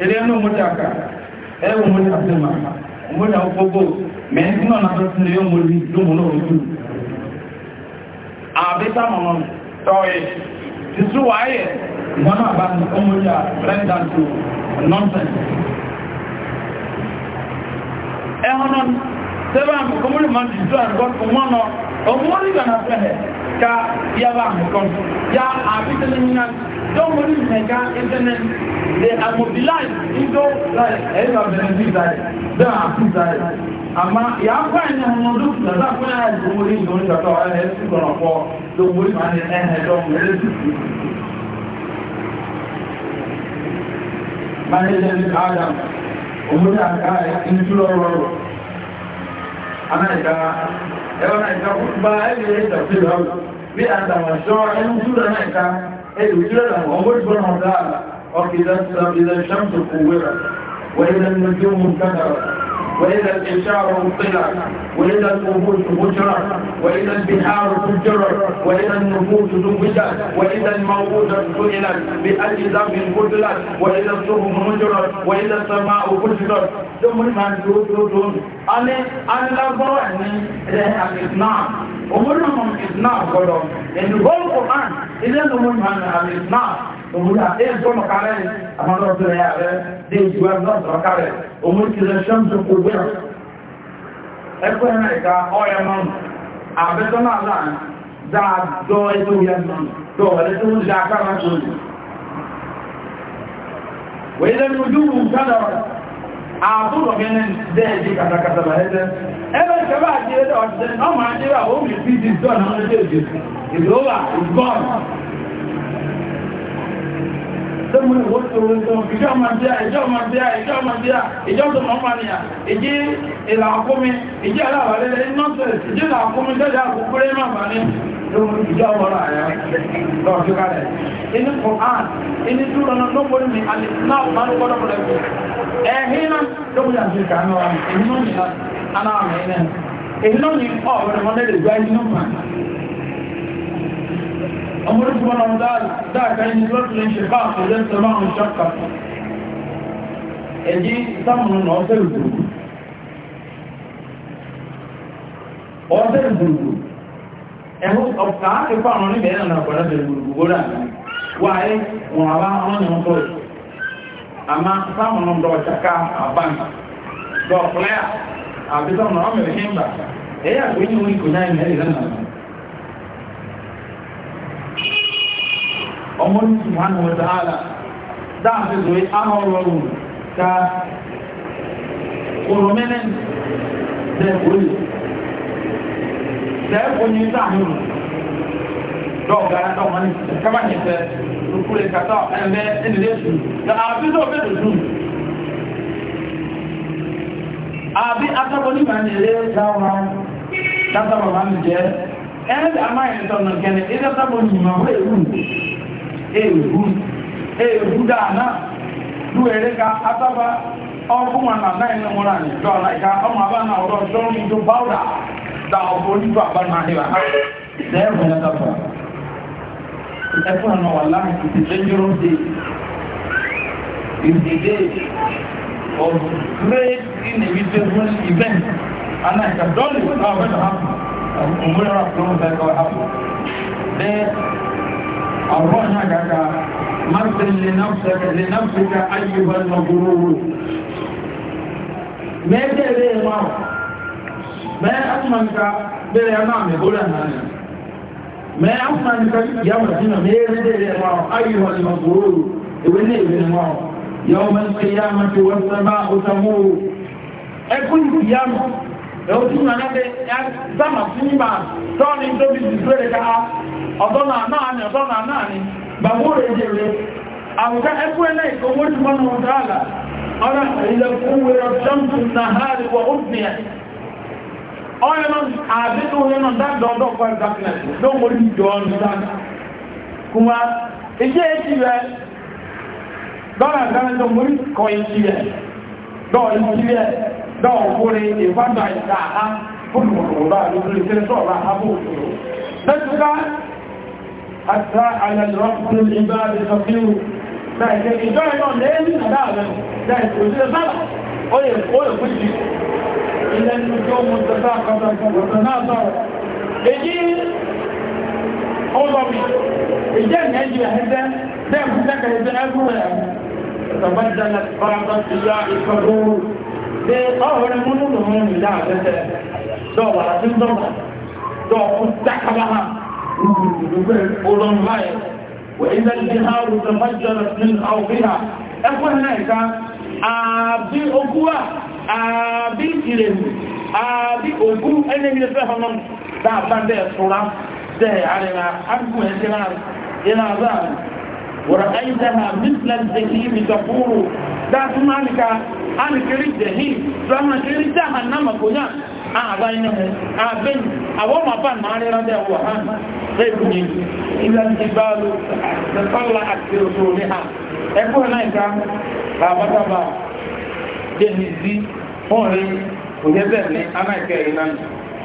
idan mutu aka ẹwọ mutu asema mutu akwụkwọ mẹ́rin náà náà tún lè yóò mú rí lóòmù náà ojú àbíta mọ̀mọ̀ tọ́ẹ̀ ti sú wáyé wọn náà bá ní ọmọ ìyá rẹ́ndàntò nọ́nsẹ̀nsì ẹ̀họ́nà tẹ́bàmù kọmúlì mọ́ ka yaba mekɔn ya abi tɛ ne nyina dɔw mo ni mɛ ka ɛtɛnɛ e de amobilan ido e ɛyɛ e ba bɛnɛ ti za yɛ bɛn a ti za yɛ ama yà á fáyìn ní ọmọ ọdún fún ẹ̀dá fún ẹ̀yà ìdòwò ní ìdòwò ní ìdòwò ẹ̀yà ẹ̀yà ẹ̀sìn kọ̀nà pọ̀ lówó ní màá ní ẹ̀hẹ̀ dọ́mù ẹ̀yà ẹ̀sìn kù. Máa ń lé ní Adam, òun ẹwọ́n àìsàkùn bá ẹgbẹ̀rẹ̀ ìtàkùn ìrọ̀lù bí àtàwàṣọ́ ẹnu túnlẹ̀ náà ká الوجلة ومجبرها تعالى وإذا الشمس كورت وإذا النجوم كثرت وإذا الإشارة مطلع وإذا القبور هجرة وإذا البحار فجرت وإذا النفوس زوجت وإذا الموءودة سئلت بأي ذنب قتلت وإذا الصحف هجرت وإذا السماء كشطت ثم المنجوز أن أنا لا بد أن نعم Umurinuhum is now God of. the whole Quran, isn't the woman and is now. Omuri àti ẹ̀sọ́ mọ̀kárẹ́ àmàlà ọ̀tún ẹ̀yà rẹ̀ dé ìjú ẹ̀sọ́ mọ̀kárẹ́. Omuri ti rẹ̀ ṣẹ́ mú kò wíra. Ẹkọ́ ẹ̀rọ ìka ọ̀yẹ mọ́nù. Àbẹ́tọ́ náà láà dáadọ́ ẹ̀tọ́ yẹn mọ́nù. Tó ọ̀rẹ́ tó ń ṣe akára tó. Wèé lẹ́nu ojú wù àtúrọ̀ gẹ́nẹ́ dẹ́ẹ̀dì kàtàkàtà lẹ́ẹ̀dẹ́ ẹgbẹ́ ìṣẹ́bà àti ẹ̀dẹ́ ọ̀tẹ́ ọmọ àjíríà ó mi fi di dọ́n àwọn ẹgbẹ́ òjò ìlúwà ìgbọ́n Ìjọ́ ọmọ bí i, ìjọ́ ọmọ bí i, ìjọ́ ọmọ bí i, ìjọ́ ọmọ bí i, ìjí ìlà ọkúnmi, ìjí aláwàlẹ́lẹ́ inọ́sẹ̀lẹ̀, ìjí ìlà ọkúnmi jẹ́ àkùnkúrẹ́ máa bà ní ìjọ́ ọmọ rẹ̀ lọ́ọ̀ṣúkálẹ̀. Inú Kùrán, inú Súrọ̀nà lọ́pọ̀ ní àlè náà máa ń gbọ́dọ̀ ẹ̀hìnà lókùnrin àti ìkàánà wà ní ìlú ní anáàmì ẹ̀nà ìlú ní ọ̀rẹ́ wọn lè gbá inú mà ọmọdé tí wọ́n lọ dáàkà ní lọ́tùlẹ̀ ṣe bá àkọlẹ́ sọ́lá àwọn ṣọ́kà ẹ̀jí sáàmù nà ọ́sẹ̀ ìgbòrò ọ́sẹ̀ ìgbòrò ẹ̀hún ọ̀pá àkẹ́kọ̀ọ́ àwọn oníbẹ̀ẹ́ nà àgbàdàbẹ̀ ìgbòrò gbòrò àgbà wáyé wọn àbá àwọn ènìyàn sọ́rọ̀ amma samun nan da wata ka a ban da kulaya a bisa na amir himba da ya kunyi wani kuna yin hari zan nan ọmọ ní subhanahu wa ta'ala da a fi zoye amurwarun ta kuruminin da ya kuri da ya kunyi ta hanyar da ọgara ɗan wani kamar yadda nkule kata ɛmɛ ɛnìyɛ su na abi sɛ ɔbɛ dodo abi asɔkɔ ni ma nyere gawa tata baba mi jɛ ɛnɛ ama yɛ tɔ nɔ kɛnɛ ɛdɛ sábɔ nyima hɔ ewu ewu ewu daana du ɛrɛ ka asaba ɔfún wa nana yɛ ŋmɔ la yɛ dɔw la yi ka ɔmɔ aba na ɔrɔ dɔɔni do bawuda da ɔfɔ nipa ba na yi la ha lɛ ɛfɛ yɛ ta fa ẹ̀fọ́ ọ̀nà wà láàrin ìdí dangerous day is the day of great inevitable event and I can tell you now when it happens òmúlẹ̀ wà fún ọ̀sẹ̀ ẹ̀kọ́ happen then àwọn ọ̀nà àgàgà máṣe lè náà fẹ́ ká ayé wà lọ́gbọ́rọ́ mẹ́ẹ̀kẹ́ lè máa mẹ́ẹ̀ àtúmọ̀ nǹkan bẹ̀rẹ̀ náà mẹ́kọ́lẹ̀ náà ما أصلا نكتب يوم الدين ميزة أيها المبرور إبني ابن يوم القيامة والسماء تمور أكون قيامة ẹ̀wọ́n tí wọ́n náà ẹ sáàmà sí nígbà tọ́ọ̀nì tó bí ìsìnkú ká ọ̀dọ́ náà náà ni oil on àbí tó yẹn náà that don don five darkness don mo rí jọ ọ́n sáà kuma ìṣe èsì rẹ̀ dọ́là ìdáná tó mo rí kọ èsì rẹ̀ dọ́ọ̀ èsì rẹ̀ dọ́ọ̀ kúrin ìfàdà ìta ha fún ìwọ̀nwọ̀nwọ̀ àdúgbò ìṣẹ́lẹ̀ sọ̀rọ̀ àhábò òṣòro lẹ́tùká àti àyàjọ́ ìgbà àdìsọ̀kíwò láìpẹ́ ìjọ́ ìlọ́ lẹ́yìn àdáàbẹ̀ láìpẹ́ òṣèlú sábà ó yẹ kó lè fún ìdíkù إلى النجوم تساقطت وتناثرت يجي عظمي الجنة يجي هذا دم لك هذا أبوها تبدلت بعض الضياء الفضول بقهر منهم لا بد دورة دورة دورة مستحبها أولم غير وإذا البهار تفجرت من خوفها أخوة هناك أبي آه، أقوى àbí ìrẹ̀lú àbí ògún ẹnẹ́gbẹ̀rẹ̀ fẹ́ ọmọ dáàbá bẹ́ẹ̀ fúra bẹ́ẹ̀ àrẹ̀rà àgbùn ẹ̀ṣẹ́ láàrín ورأيتها مثل الجحيم تقول ذات مالك أنا كريت جحيم فأنا كريت جهنم كنا أعبينه أعبين أول ما بان ما أنا رضي هو أنا غير مني إلا الجبال تطلعت في رسولها أقول لك بابا بابا jẹ́ mi sí fún rí òye bẹ́ẹ̀ ní anáìkẹ́ iná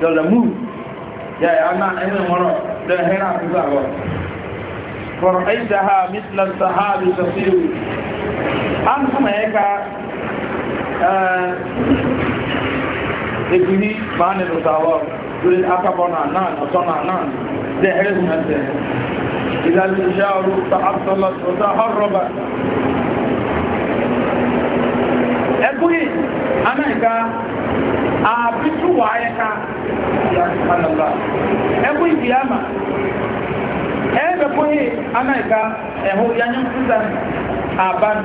dọ̀lẹ̀ mú yà aná ẹni mọ́rọ̀ dẹ̀ hẹ́rà àtúgbà wọ̀ fọ̀rọ̀ ẹ̀dà ha mítlà sàhábì sàfihù a ń sọmọ ẹ̀ ka ebiri máa ní lùtàwọ̀ lórí akabọ̀ kuyi amẹ́ríkà àbítú wà ayẹ ká ìyàtúkàlọ́lá ẹkú ìdíyàmà ẹ̀ẹ́bẹ̀ kuyi amẹ́ríkà ẹ̀hó yányán sísan àbánu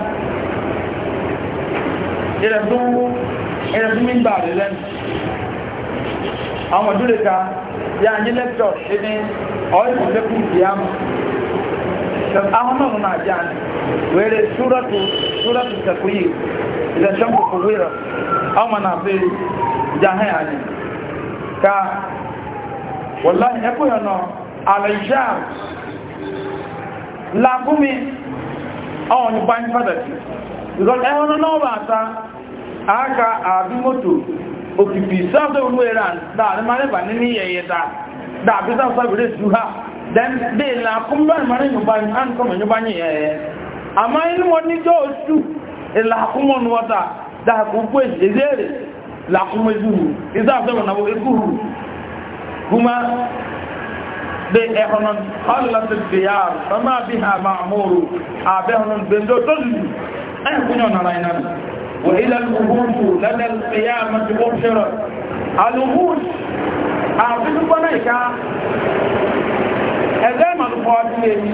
ìrẹ̀dún ìrẹ̀dún mímbà rẹ̀ lẹ́nu àwọn ọdún lè ka yányán lẹ́tọ̀ ẹni ọ̀ẹ́kùn lẹ́kùn ìdíyàmà ahoma mu majani wele suratu suratu takwir ila shambu kuwira au manafi jahani ka wallahi eko yano alaijab lakumi au ni bani fadati because eho no no bata aka abi moto okipi sa so lu eran da ni mane ba ni yeye da da bi sa sa bi re su ha then they la kumban mara nyumbani an kama nyumbani eh, eh ama ilmu ni jo tu e la kumon wata da kubwe ezere la kumezu iza sema na ekuru kuma de ehonon hallat diyar fama biha ma'muru abehonon bendo tozu eh kunyo na raina wa ila al-ubud lada al-qiyamah mubshira al-ubud a bisu bana ika fọ́ sí èyí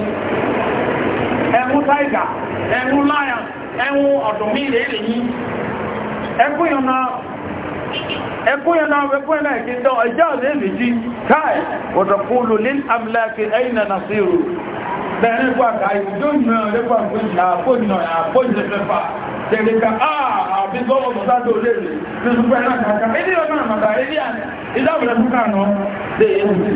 ẹmú táìgà ẹmú láyà ẹmú ọ̀dùnmí ìrẹ́lẹ̀ yìí ẹkúyọ̀nà ẹkúyọ̀nà ẹkúyọ̀nà ìkìndọ̀ ẹjọ́ ìrẹ́lẹ̀ yìí káì wọ̀dọ̀kúlù lil amlaki ẹ̀yìnà nasiru bẹ̀rẹ̀ gbàgbà ìjọ ìrìnà rẹ̀ gbàgbà àpòjìnà àpòjìnà fẹ́fà tẹ̀lẹ̀ka àbí gọ́ọ̀mù sádò léèrè tuntun pẹ̀lú àkàkà ilé ọmọ àmàdà ilé ìdáwòlẹ̀ fún kàánà lè èyí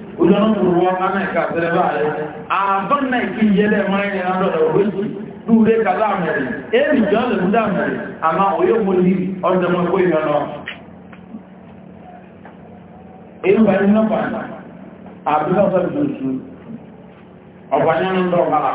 olóòrùwọ́ anáìka tẹ́lẹ̀bá rẹ̀ àbọ́n náà kí yẹlẹ̀ mọ́rin ní ọdọ́dọ̀ òwúrẹ́sì lúurẹ́ kàlá mẹ́rin èyí jọ́ lè múdà mẹ́rin àmá òyó mo ní ọdọ́mọ́kó ìrọ̀nà èyí wà ní nọ́pàá àbúrò ọ̀sán ìjọsù ọ̀pàá ọ̀pàá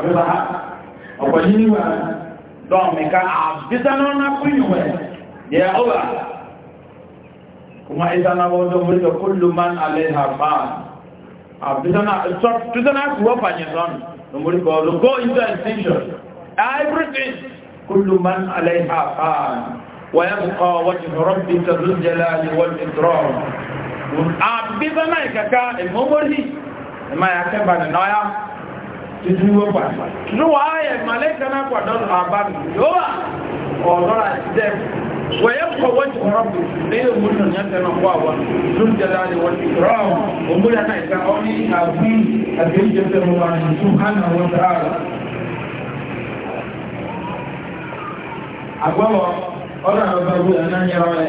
Ah, prisoners were Panyason. No more go. Go into extinction. Everything. كل من عليها فان ويبقى وجه ربك ذو الجلال والإكرام àbíbẹ́mẹ́ ìkẹ́kẹ́ ìmọ́mọ́rí ìmá yàkẹ́ bá ní náà títí wọ́n pàá ní wọ́n ayẹ̀ màlẹ́kẹ́ náà pàdánù àbámi yóò wà ọ̀dọ́rà ìdẹ́kù ويبقى وجه ربي ليه قلنا نجدنا قواوا ذو الجلال والإكرام وقلنا أنا إكرامي أبي أبي جبت الله سبحانه وتعالى أقوى أنا أبغى أنا يرى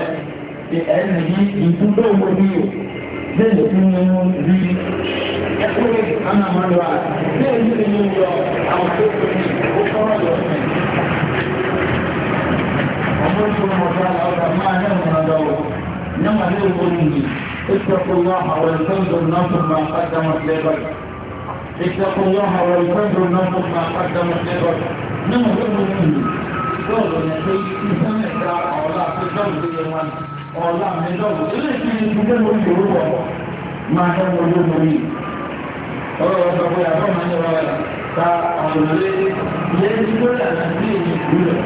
لأنه يتبع مريو زي يكون لي أنا مرة زي يكون لي أو تكون لي وقلتم وقال ما لهم ندعو انما للظلم اتقوا الله ولتنظر نفس ما قدمت لغد اتقوا الله ولتنظر نفس ما قدمت لغد انما للظلم lọ́rọ̀ ní pé iṣẹ́ mẹ́ta ọ̀la tó dọ́gbé wọn ọ̀la mi lọ́rọ̀ ilé tí ilé lórí orúkọ máa ń wọ lórí ọ̀rọ̀ ọ̀sọ̀ pé àbọ̀ máa ń yọra ta ọ̀rọ̀ lé lé lórí àlàyé ìlú rẹ̀.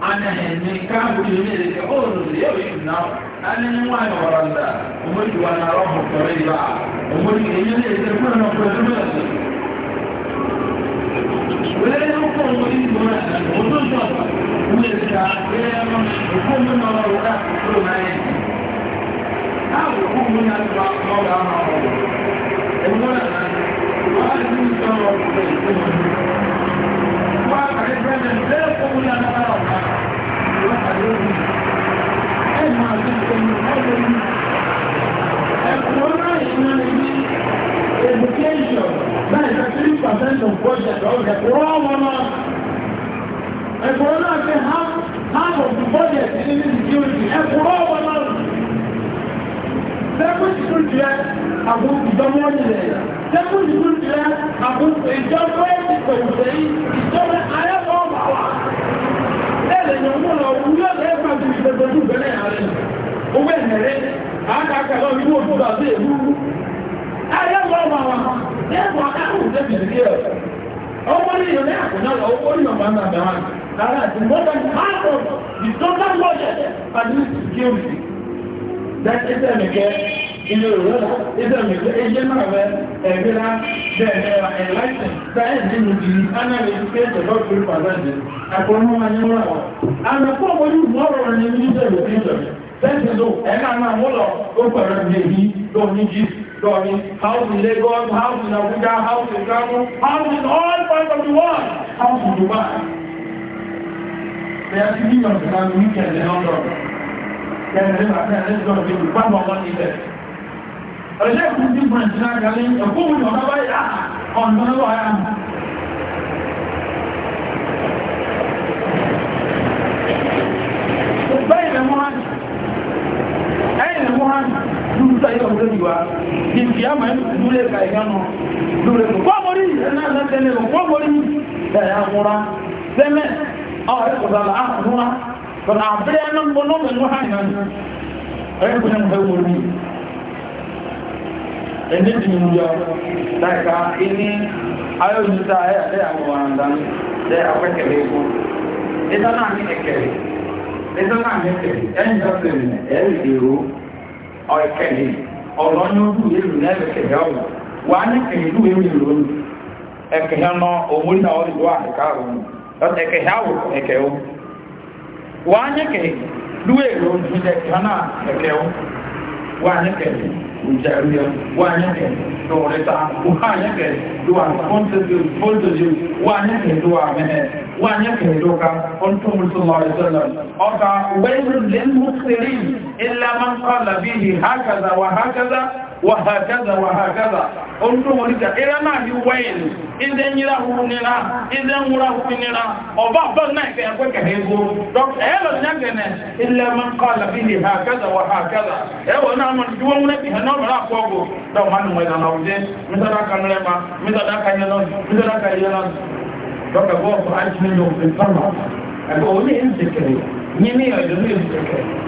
ana ne kabu ne da ke oru da yau yin na anan yin wani waranda umar yi wani rahu kwarai ba umar yi ne ne da kuma na kwarai ba su wani ne ko umar yi kuma na mutum shi wata wani ta ya yi hukumu na warura ko na yi ha hukumu na ba ma ga ma ba ko na na ba ni ta ma ko الرجل لا يقوم إلا ما أرى الله يوحى اليوم أجمع ذلك من هذا Ẹ̀kùnrin ìrìnà ìní education náà budget ọ̀rọ̀ ẹ̀kùnrin ọmọ náà. Ẹ̀kùnrin the budget ní ní security. Ẹ̀kùnrin ọmọ náà. Lẹ́gbẹ̀ẹ́ security sẹ́kùn ìlú jẹ́ àbúkù ìjọba ìdìbò ìgbẹ̀yìn ìjọba ayẹ́wọ̀ wà wà. Ẹ̀rẹ̀ yẹn mú lọ wúlọ́ lẹ́yìn pàtó ìgbẹ̀gbẹ̀ ojú bẹ̀rẹ̀ ààrẹ. Owó ẹ̀nẹ̀rẹ̀ àákàkà lọ ní wọ́n gbọ́dọ̀ sí èlú. Ayẹ́wọ̀ wà wà lẹ́kọ̀ọ́ akáwù ní ìrọ̀lẹ́ àkùnà lọ, ní ọ̀gbà náà ilé ìrọ́lá ìsẹ̀mìtẹ́ ẹgbẹ́ náà rẹ̀ ẹ̀gbẹ́lá bẹ̀rẹ̀ ẹ̀láìsẹ̀ sáyẹ̀sì nínú di anáyẹ̀síkẹ́ẹ̀tẹ̀ lọ́pẹ̀lú pàdánjẹ̀ àkọ́nú ayéwọ́wọ́ àmẹ́kọ́ wọ́n ní mọ́rọ̀ rẹ̀ ní ìjẹ̀lẹ̀ ìjẹ̀lẹ̀ tẹ́sí ló ẹ̀nà náà mọ́lọ̀ ó pẹ̀rẹ̀ mẹ́bí lọ́ní jí lọ́ní house in Lagos house in Abuja house in Kano house in all parts of the world house in Dubai They are thinking of the man who can be London. They are thinking of the man who can be London ọ̀ṣẹ́ ìpínlẹ̀ branch náà gàlẹ́ ẹ̀kùnrin ọ̀nà báyìí ọ̀nà lọ́wọ́ ara mú bẹ́yìn lẹ́mọ́ hàn ẹ̀yìn lẹ́mọ́ hàn lúrú sáyé ọ̀rẹ́ ìwà ní fi á máa ń lúrẹ́ ka ìyánu lúrẹ́ kò fọ́mọ́rí ẹ̀nà àtẹ́lẹ̀ kò fọ́mọ́rí ẹ̀yà múra sẹ́mẹ́ ọ̀rẹ́ kò ẹni tí ń yọ láìka iní ayọ́júta ẹ̀ àwọn àndán lẹ́ apẹ́kẹ̀lẹ́ ikú ẹjọ́ náà ní ẹ̀kẹ̀rẹ̀ ẹjọ́ náà ní ẹ̀kẹ̀rẹ̀ ẹ̀yìn jọ́sẹ̀rẹ̀ ẹ̀rì èrò ọ̀ẹ̀kẹ̀lẹ̀ ọ̀rọ̀ ní ojú èrò lẹ́ẹ̀kẹ̀rẹ̀ ọ̀rọ̀ wà ní kẹ̀lú èrò èrò ẹ̀kẹ̀rẹ̀ náà jariya wanyake do leta wanyake do kontu kontu wanyake do amene wanyake do ka kontu sallallahu alaihi wasallam aka wailul lil muktsirin illa man qala bihi hakaza wa hakaza وهكذا وهكذا أنتم ولك إذا ما في وين إذا نراه نرى إذا نراه نرى وبعض الناس يقول كهيزو دكتور إلا نجنة إلا من قال به هكذا وهكذا أو أنا من جوا من به نوم لا فوقه لو هنو ما يدنا وجه مثلا كان لما مثلا كان يلون مثلا كان يلون دكتور بوب أجمل يوم في الفرما أقول لي إنت كذي نيمي أجمل يوم في الفرما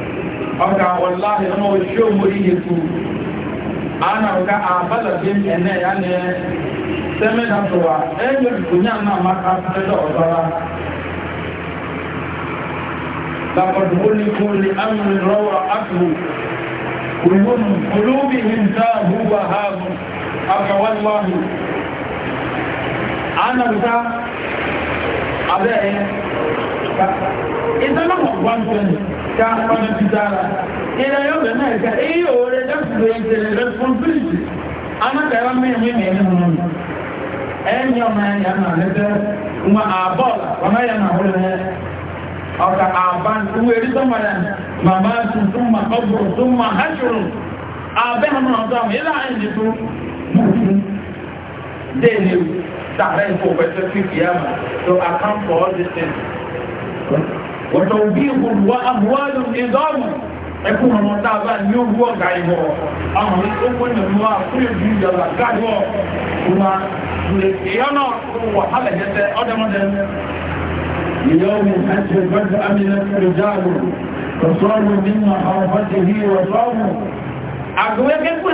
ọ̀dà ọ̀láhì ọmọ òṣìṣẹ́ òmòrí yẹ̀kú àánàwọ̀ká àbálàjẹ́ ẹ̀nẹ́ ya ní sẹ́mẹ́dàtọ̀wà ẹgbẹ̀rẹ̀ ìgbònyà náà máa ká sẹ́dọ̀ ọ̀dọ́ra لقد هلكوا لأمر روى أكله كلهم قلوبهم تاه وهاب أكا والله أنا بتاع أبدا إذا ما هو ka manifestara ila yau da na ka iya wuri da su da yake da responsibility ana kara mai mai mai ne mun en yau na ya na ne da kuma a bola kuma ya na hore ne aka aban kuma ri to mara mama sun sun ma kabru sun ma hashru abe hanu na ta mu ila an ji tu de ne tare ko ba ta fi kiyama to account for all these things وتوبيخ وأموال إضام ẹkùn ọmọ dáadáa ní ó wú ọ̀gá ìwọ̀ àwọn ìṣòkò ìrìnlọ́ àkúrò ìjú ìjọba gáàdùọ̀ ọmọ ìyọ́nà wà hálẹ̀jẹ́tẹ́ ọdẹ́mọdé ìyọ́wò ẹ̀ṣẹ̀ gbẹ́gbẹ́ amílẹ̀ ìjáàrù ọ̀sọ́rù nínú àwọn fásitì rí ọ̀sọ́rù àgbẹ̀wẹ́gẹ́gbẹ́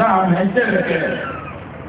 náà kọ̀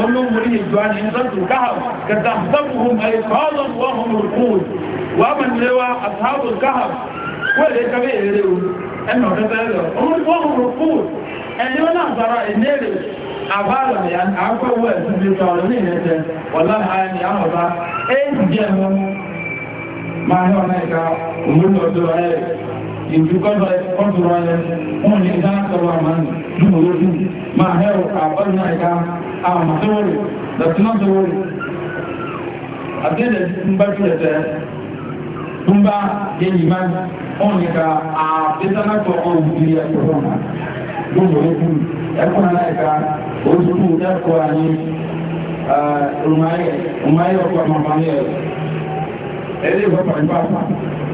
olóhùn ìjọ́ni ìsọ́tù káàbù kẹta sọ́bùhùn àìkọ́ọ̀lọ́ wọ́hùn rùkúùn wà mọ̀ nílẹ́wà àtàbù káàbù wọ́n lè kẹ́bẹ̀ èrè ohun ẹnà ọ̀kẹ́ta ẹ̀rọ ohun wọ́hùn rùkúùn ẹni wọ́n náà sára ìnẹ́rẹ̀ àbáàrùn àkọ́wọ́ ẹ̀sùn lè sọ̀rọ̀ ní ìrẹ́tẹ̀ wọ́lá ìdúkọ́dọ̀ ọdúnwà rẹ̀ wọ́n ni ìdáàtọ̀wà máa ń dúnmọ̀ lójú máa hẹ́rọ àbọ́nà ẹ̀ka àmàtọ́wọ̀rẹ̀ lọ́tínáàtọ̀wọ̀rẹ̀ àtẹ́lẹ̀ ń bá tẹ́lẹ̀ ń bá yẹ̀yìn máa wọ́n ni ká àbẹ́sánátọ̀ ọ̀hún ilé ẹ̀kọ́ náà dúnmọ̀ lójú ẹ̀kọ́ náà ẹ̀ka orúkú ẹ̀kọ́ àyè ọmọ ayé ọkọ̀ àmàmà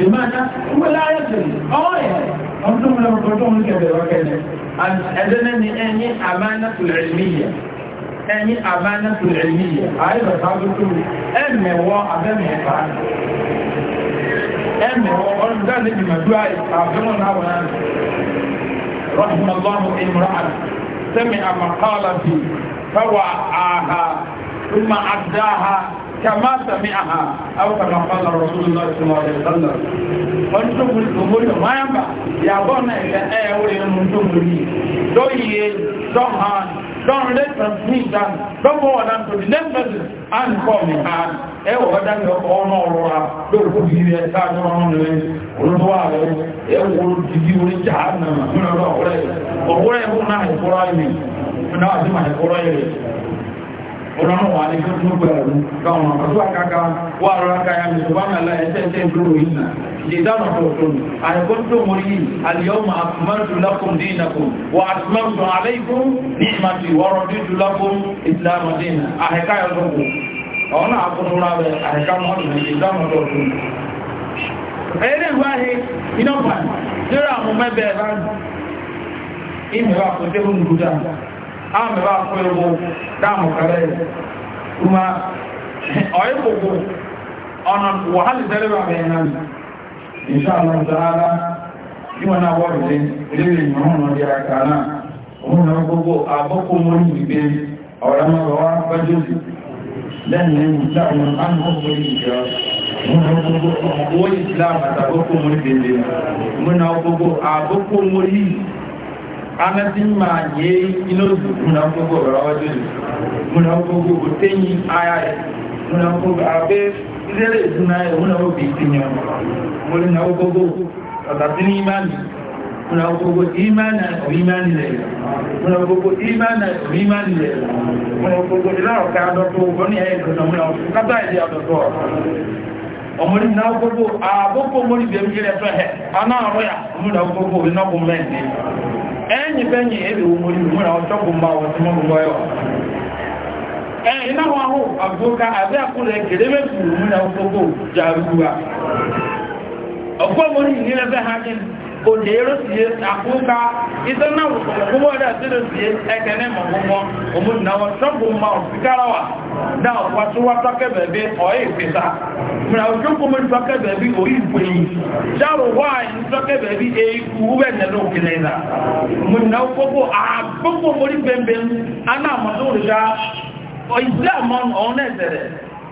بمعنى هو لا يدري غاية أنتم لما قلتم كذا وكذا أذنني أني أمانة العلمية أني أمانة العلمية أيضا قلتم أمي هو أبني فعلا أمي هو أرد ذلك مدعي أعظمنا ونعم رحم الله امرأة سمع مقالتي فوعاها ثم أداها كما سمعها أو كما قال رسول الله صلى الله عليه وسلم ونشوف الأمور ما ينبع يعبرنا إلى أي أولي المنشوف لي دوي دوهان don let them meet and don't go on to the next person and call me and ẹ wọ ọdá mi ọkọ ọmọ ọrọ ra lórí kó yìí rẹ sáájú ọmọ rẹ olùdó ààrẹ ẹ wọ olùdíjí orí jàá nà ọ̀rẹ́ ọ̀rẹ́ ẹ̀kọ́ náà ẹ̀kọ́ ráyè mi náà àti màá ẹ̀kọ́ ráyè rẹ̀ ọlọ́run wà ní tó tún pẹ̀lú káwọn àkọ́tún àkàkà wà rọ akáyà mi tó bá mẹ́lá ẹ̀ṣẹ́ ẹ̀ṣẹ́ ìgbòho yìí nà ìdáná tòótọ́nù àìkótó mọ́rí àlìyọ́mà àkùmọ́tò lákùn dínàkùn wà àtùmọ́tò àlẹ́kùn ní ìmàtì wọ́rọ̀ dídú lákùn ìsìlámù dínà àhẹ́káyọ̀ lọ́kùn ọ̀nà àkùnrúnra rẹ̀ àhẹ́kámọ́tò ìdáná tòótọ́nù ẹ̀rẹ́ ìwáhẹ́ iná pàdé lórí àwọn ìmìwà kò tẹ́kùn gúdá àmìwá fún ewu dáàmù kẹrẹ kuma ọ̀yẹ́ gbogbo ọ̀nà wàhálì tẹ́lẹ̀ wà bẹ̀rẹ̀ náà ìṣàlọ̀ ìdára tí wọ́n náà wọ́n rẹ̀ léèrè ìmọ̀ràn ọdí àkà náà òun náà ana ti ma ye ino muna gbogbo rawa jini muna gbogbo oteyin aya rẹ muna gbogbo abe ilere ìdúná rẹ muna gbogbo ìtinye mo lè na gbogbo ọ̀tàtí ní imani muna gbogbo imani orimani rẹ muna gbogbo imani orimani rẹ muna gbogbo ìlàrọ̀ká adọ́tọ̀ ọgbọ́n ní ẹ̀yẹ̀ ìdọ̀tọ̀ muna kátà ìdí adọ́tọ̀ ọ̀tọ̀ ọmọdé ní agogo àgbógbò mọ́rí bí ẹmí ilẹ̀ tọ́hẹ̀ anáàrọ̀ yà múra agogo ìnáwó mẹ́rin ẹ̀yìn bẹ́yìn èdè omori múra ọjọ́gbò mbà wọ́n tí mọ́gbọ́ ẹ̀wọ̀ ìnáwó ahó ha olèèrò sí àkúkà ìsẹ́nà òkúwọ́ dà sí ló sí ẹkẹ̀ẹ́ mọ̀gbọ́n òmúnàwọ̀ ṣọ́gbù ma òfíkàràwà dá ọ̀pá tó wá tọ́kẹ̀bẹ̀bẹ̀ ọ̀yẹ́ ìfẹ́ta mìíràn òjòkó mọ́ tọ́kẹ̀bẹ̀bí orí ìgbèyí ṣàrò wá ní tọ́kẹ̀bẹ̀bí eéku wúwẹ̀ nẹ̀lú òkèlè ìlà mìíràn gbogbo àgbogbo orí gbẹ̀mbẹ̀ anáàmọ̀ tó rí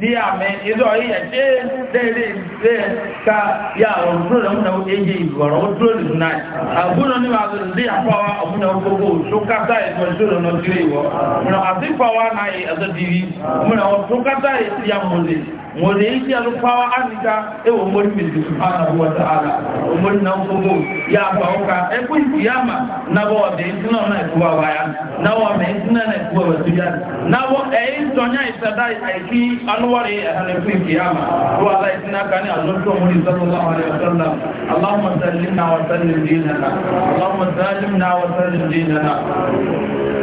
ní àmì ìzọ yíyẹ ṣe léèrè ìgbé ká yà àwọn òdúró lọ́wọ́ náà éjì ìgbọ̀rọ̀ òdúró lè náà àbúrò ní wàá lórí sí àpáwá ọ̀bùnà gbogbo ṣókátà ìgbọ̀n ìṣòro náà sílé ìwọ̀ ọ̀nà àti ìpáwá náà yìí ẹ̀zọ́ dìrí ọ̀nà ọ̀ṣókátà ìyàmọ̀lẹ̀ mwadaishi alupawa anika ewa mwari mbizi subhanahu wa ta'ala mwari na ukubu ya apaoka eku isiyama nabo wabeisi na ona ikuwa waya nabo wabeisi na ona ikuwa wasujani nabo ee sonya isadai aiki e, anuwari ehaleku isiyama kwa ala isina kani alutu mwari sallallahu alaihi wa sallam Allahumma sallimna wa sallim dinana Allahumma sallimna wa sallim dinana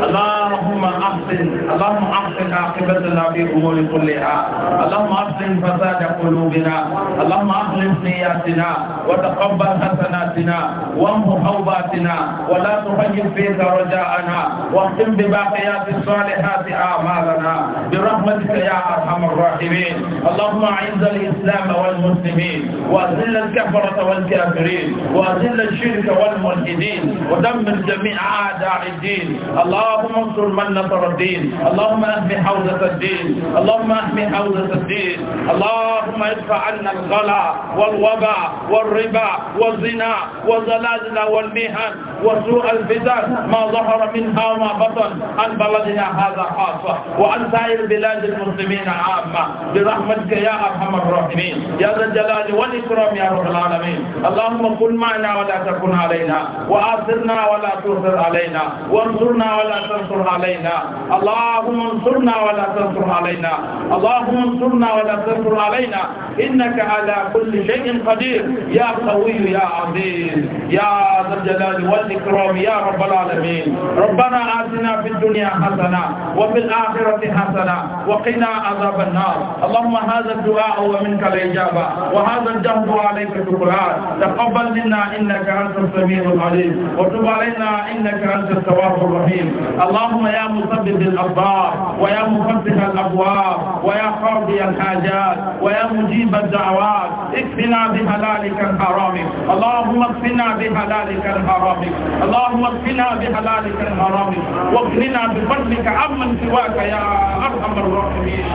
اللهم أحسن اللهم أحسن عاقبتنا في أمور كلها اللهم أحسن فساد قلوبنا اللهم اخلف نياتنا وتقبل حسناتنا وامحو حوباتنا ولا تخيب فيك رجاءنا واختم بباقيات الصالحات أعمالنا برحمتك يا أرحم الراحمين اللهم أعز الإسلام والمسلمين وأذل الكفرة والكافرين وأذل الشرك والملحدين ودمر جميع أعداء الدين الله اللهم انصر من نصر الدين اللهم احمي حوزة الدين اللهم احمي حوزة الدين اللهم ادفع عنا الغلا والوباء والربا والزنا والزلازل والمهن وسوء الفتن ما ظهر منها وما بطن عن بلدنا هذا خاصة وعن سائر بلاد المسلمين عامة برحمتك يا أرحم الراحمين يا ذا الجلال والإكرام يا رب العالمين اللهم كن معنا ولا تكن علينا وآثرنا ولا تؤثر علينا وانصرنا ولا تنصر علينا اللهم انصرنا ولا تنصر علينا اللهم انصرنا ولا تنصر علينا إنك على كل شيء قدير يا قوي يا عظيم يا ذا الجلال والإكرام يا رب العالمين ربنا آتنا في الدنيا حسنة وفي الآخرة حسنة وقنا عذاب النار اللهم هذا الدعاء ومنك الإجابة وهذا الجهد عليك الشكران تقبل منا إنك أنت السميع العليم وتب علينا إنك أنت التواب الرحيم اللهم يا مثبت الأخبار ويا مفتح الأبواب ويا قاضي الحاجات ويا مجيب الدعوات اكفنا بحلالك الحرام اللهم اكفنا بحلالك الحرام اللهم اكفنا بحلالك الحرام واكفنا بفضلك عمن سواك يا أرحم الراحمين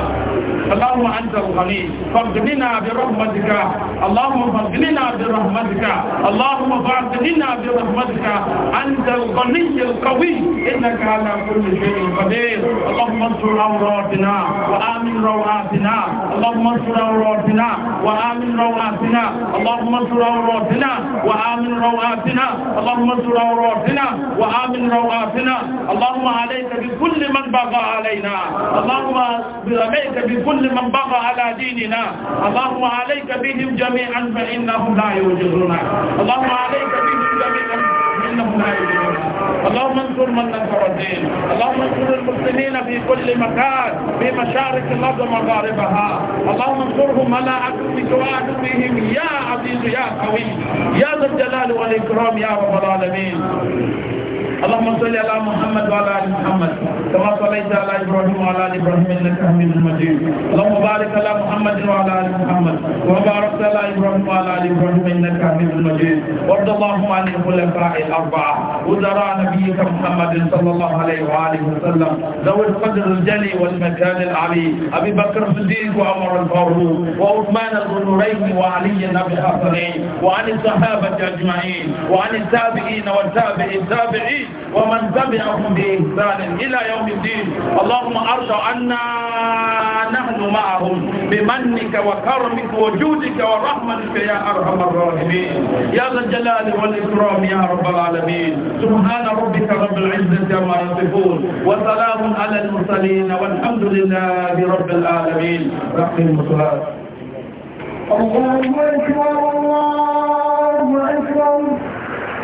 اللهم أنت الغني فاغننا برحمتك اللهم فاغننا برحمتك اللهم فاغننا برحمتك أنت الغني القوي إنك على كل شيء قدير اللهم انصر عوراتنا وآمن روعاتنا اللهم انصر عوراتنا وآمن روعاتنا اللهم انصر عوراتنا وآمن روعاتنا اللهم انصر عوراتنا وآمن روعاتنا اللهم عليك بكل من بغى علينا اللهم عليك بكل من بغى على ديننا اللهم عليك بهم جميعا فإنهم لا يوجدونك اللهم عليك بهم جميعا فإنهم لا يوجدونك اللهم انصر من نصر الدين اللهم انصر المسلمين في كل مكان في مشارق الارض ومغاربها اللهم انصرهم على اكرمك واكرمهم يا عزيز يا قوي يا ذا الجلال والاكرام يا رب العالمين اللهم صل على محمد وعلى ال محمد كما صليت على ابراهيم وعلى ال ابراهيم انك حميد مجيد اللهم بارك على محمد وعلى ال محمد كما باركت على ابراهيم وعلى ال ابراهيم انك حميد مجيد وارض اللهم عن الخلفاء الاربعه وزراء نبيك محمد صلى الله عليه واله وسلم ذوي القدر الجلي والمكان العلي ابي بكر الصديق وعمر الفاروق وعثمان الغنورين وعلي النبي الحسنين وعن الصحابه اجمعين وعن التابعين والتابعين التابعين ومن تبعهم بإحسان إلى يوم الدين اللهم أرضى أن نحن معهم بمنك وكرمك وجودك ورحمتك يا أرحم الراحمين يا ذا الجلال والإكرام يا رب العالمين سبحان ربك رب العزة ما يصفون وسلام على المرسلين والحمد لله رب العالمين رحم الصلاة الله أكبر الله أكبر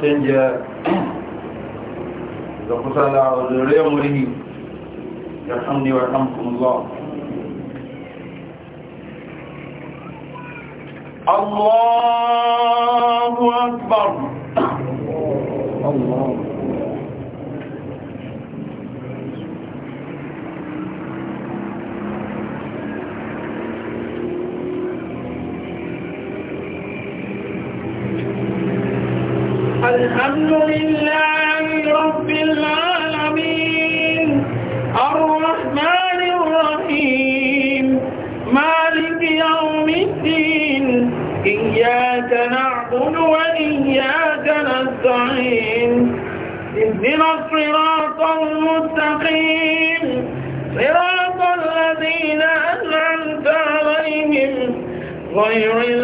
canja da kusa da zuriyar murhi يرحمني ويرحمكم الله الله أكبر الله الحمد لله غير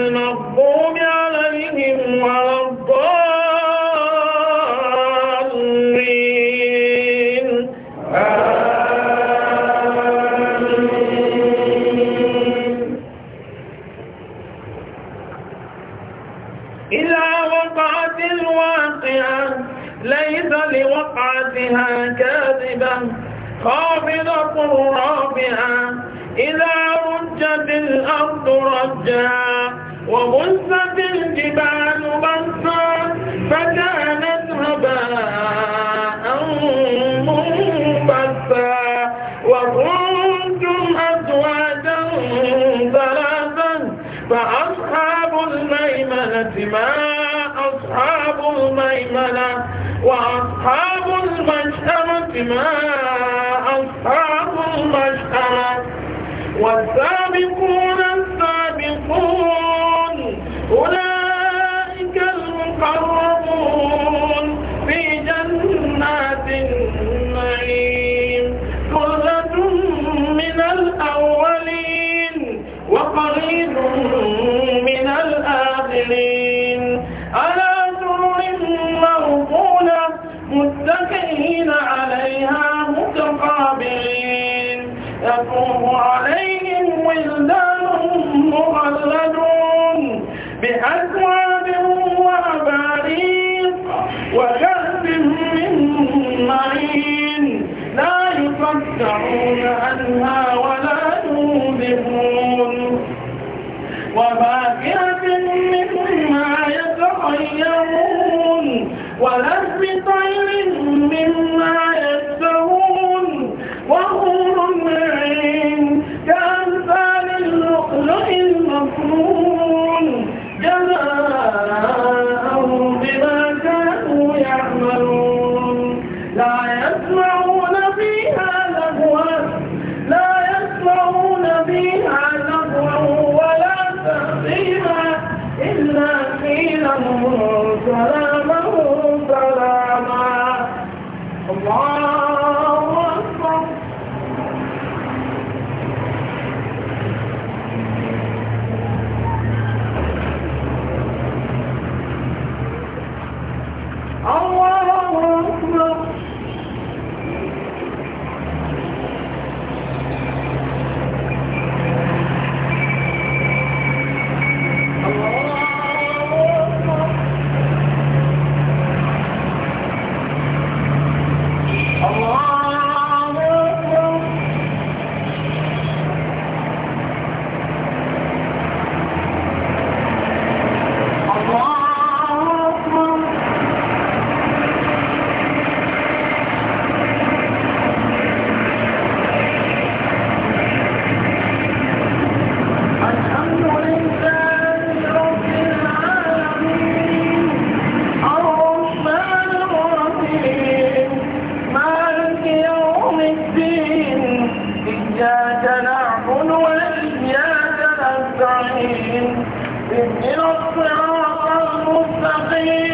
اهدنا الصراط المستقيم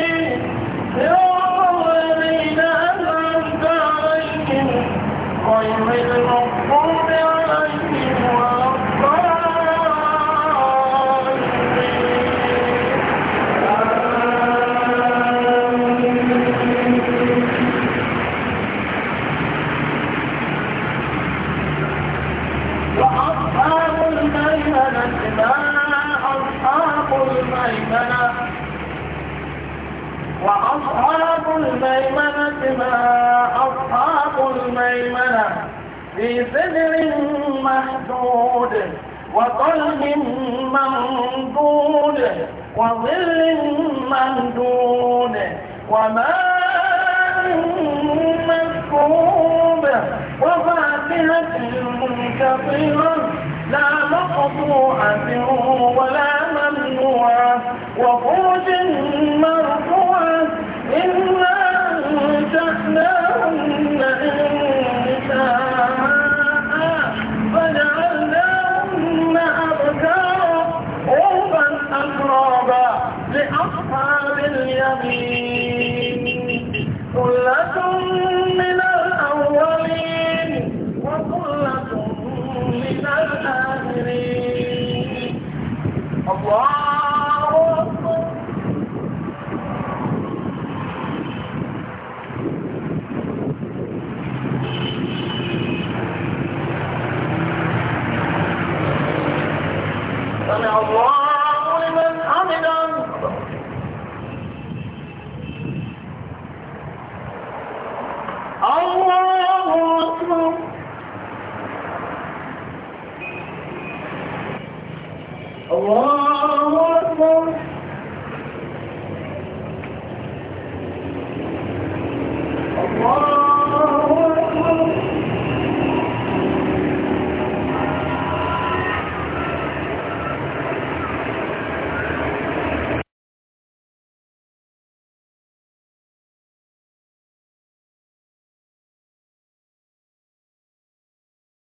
بسدر محدود وطلب ممدود وظل ممدود وماء مسكوب وفاكهة كثيرة لا مقطوعة ولا ممنوعة وفرج اليمين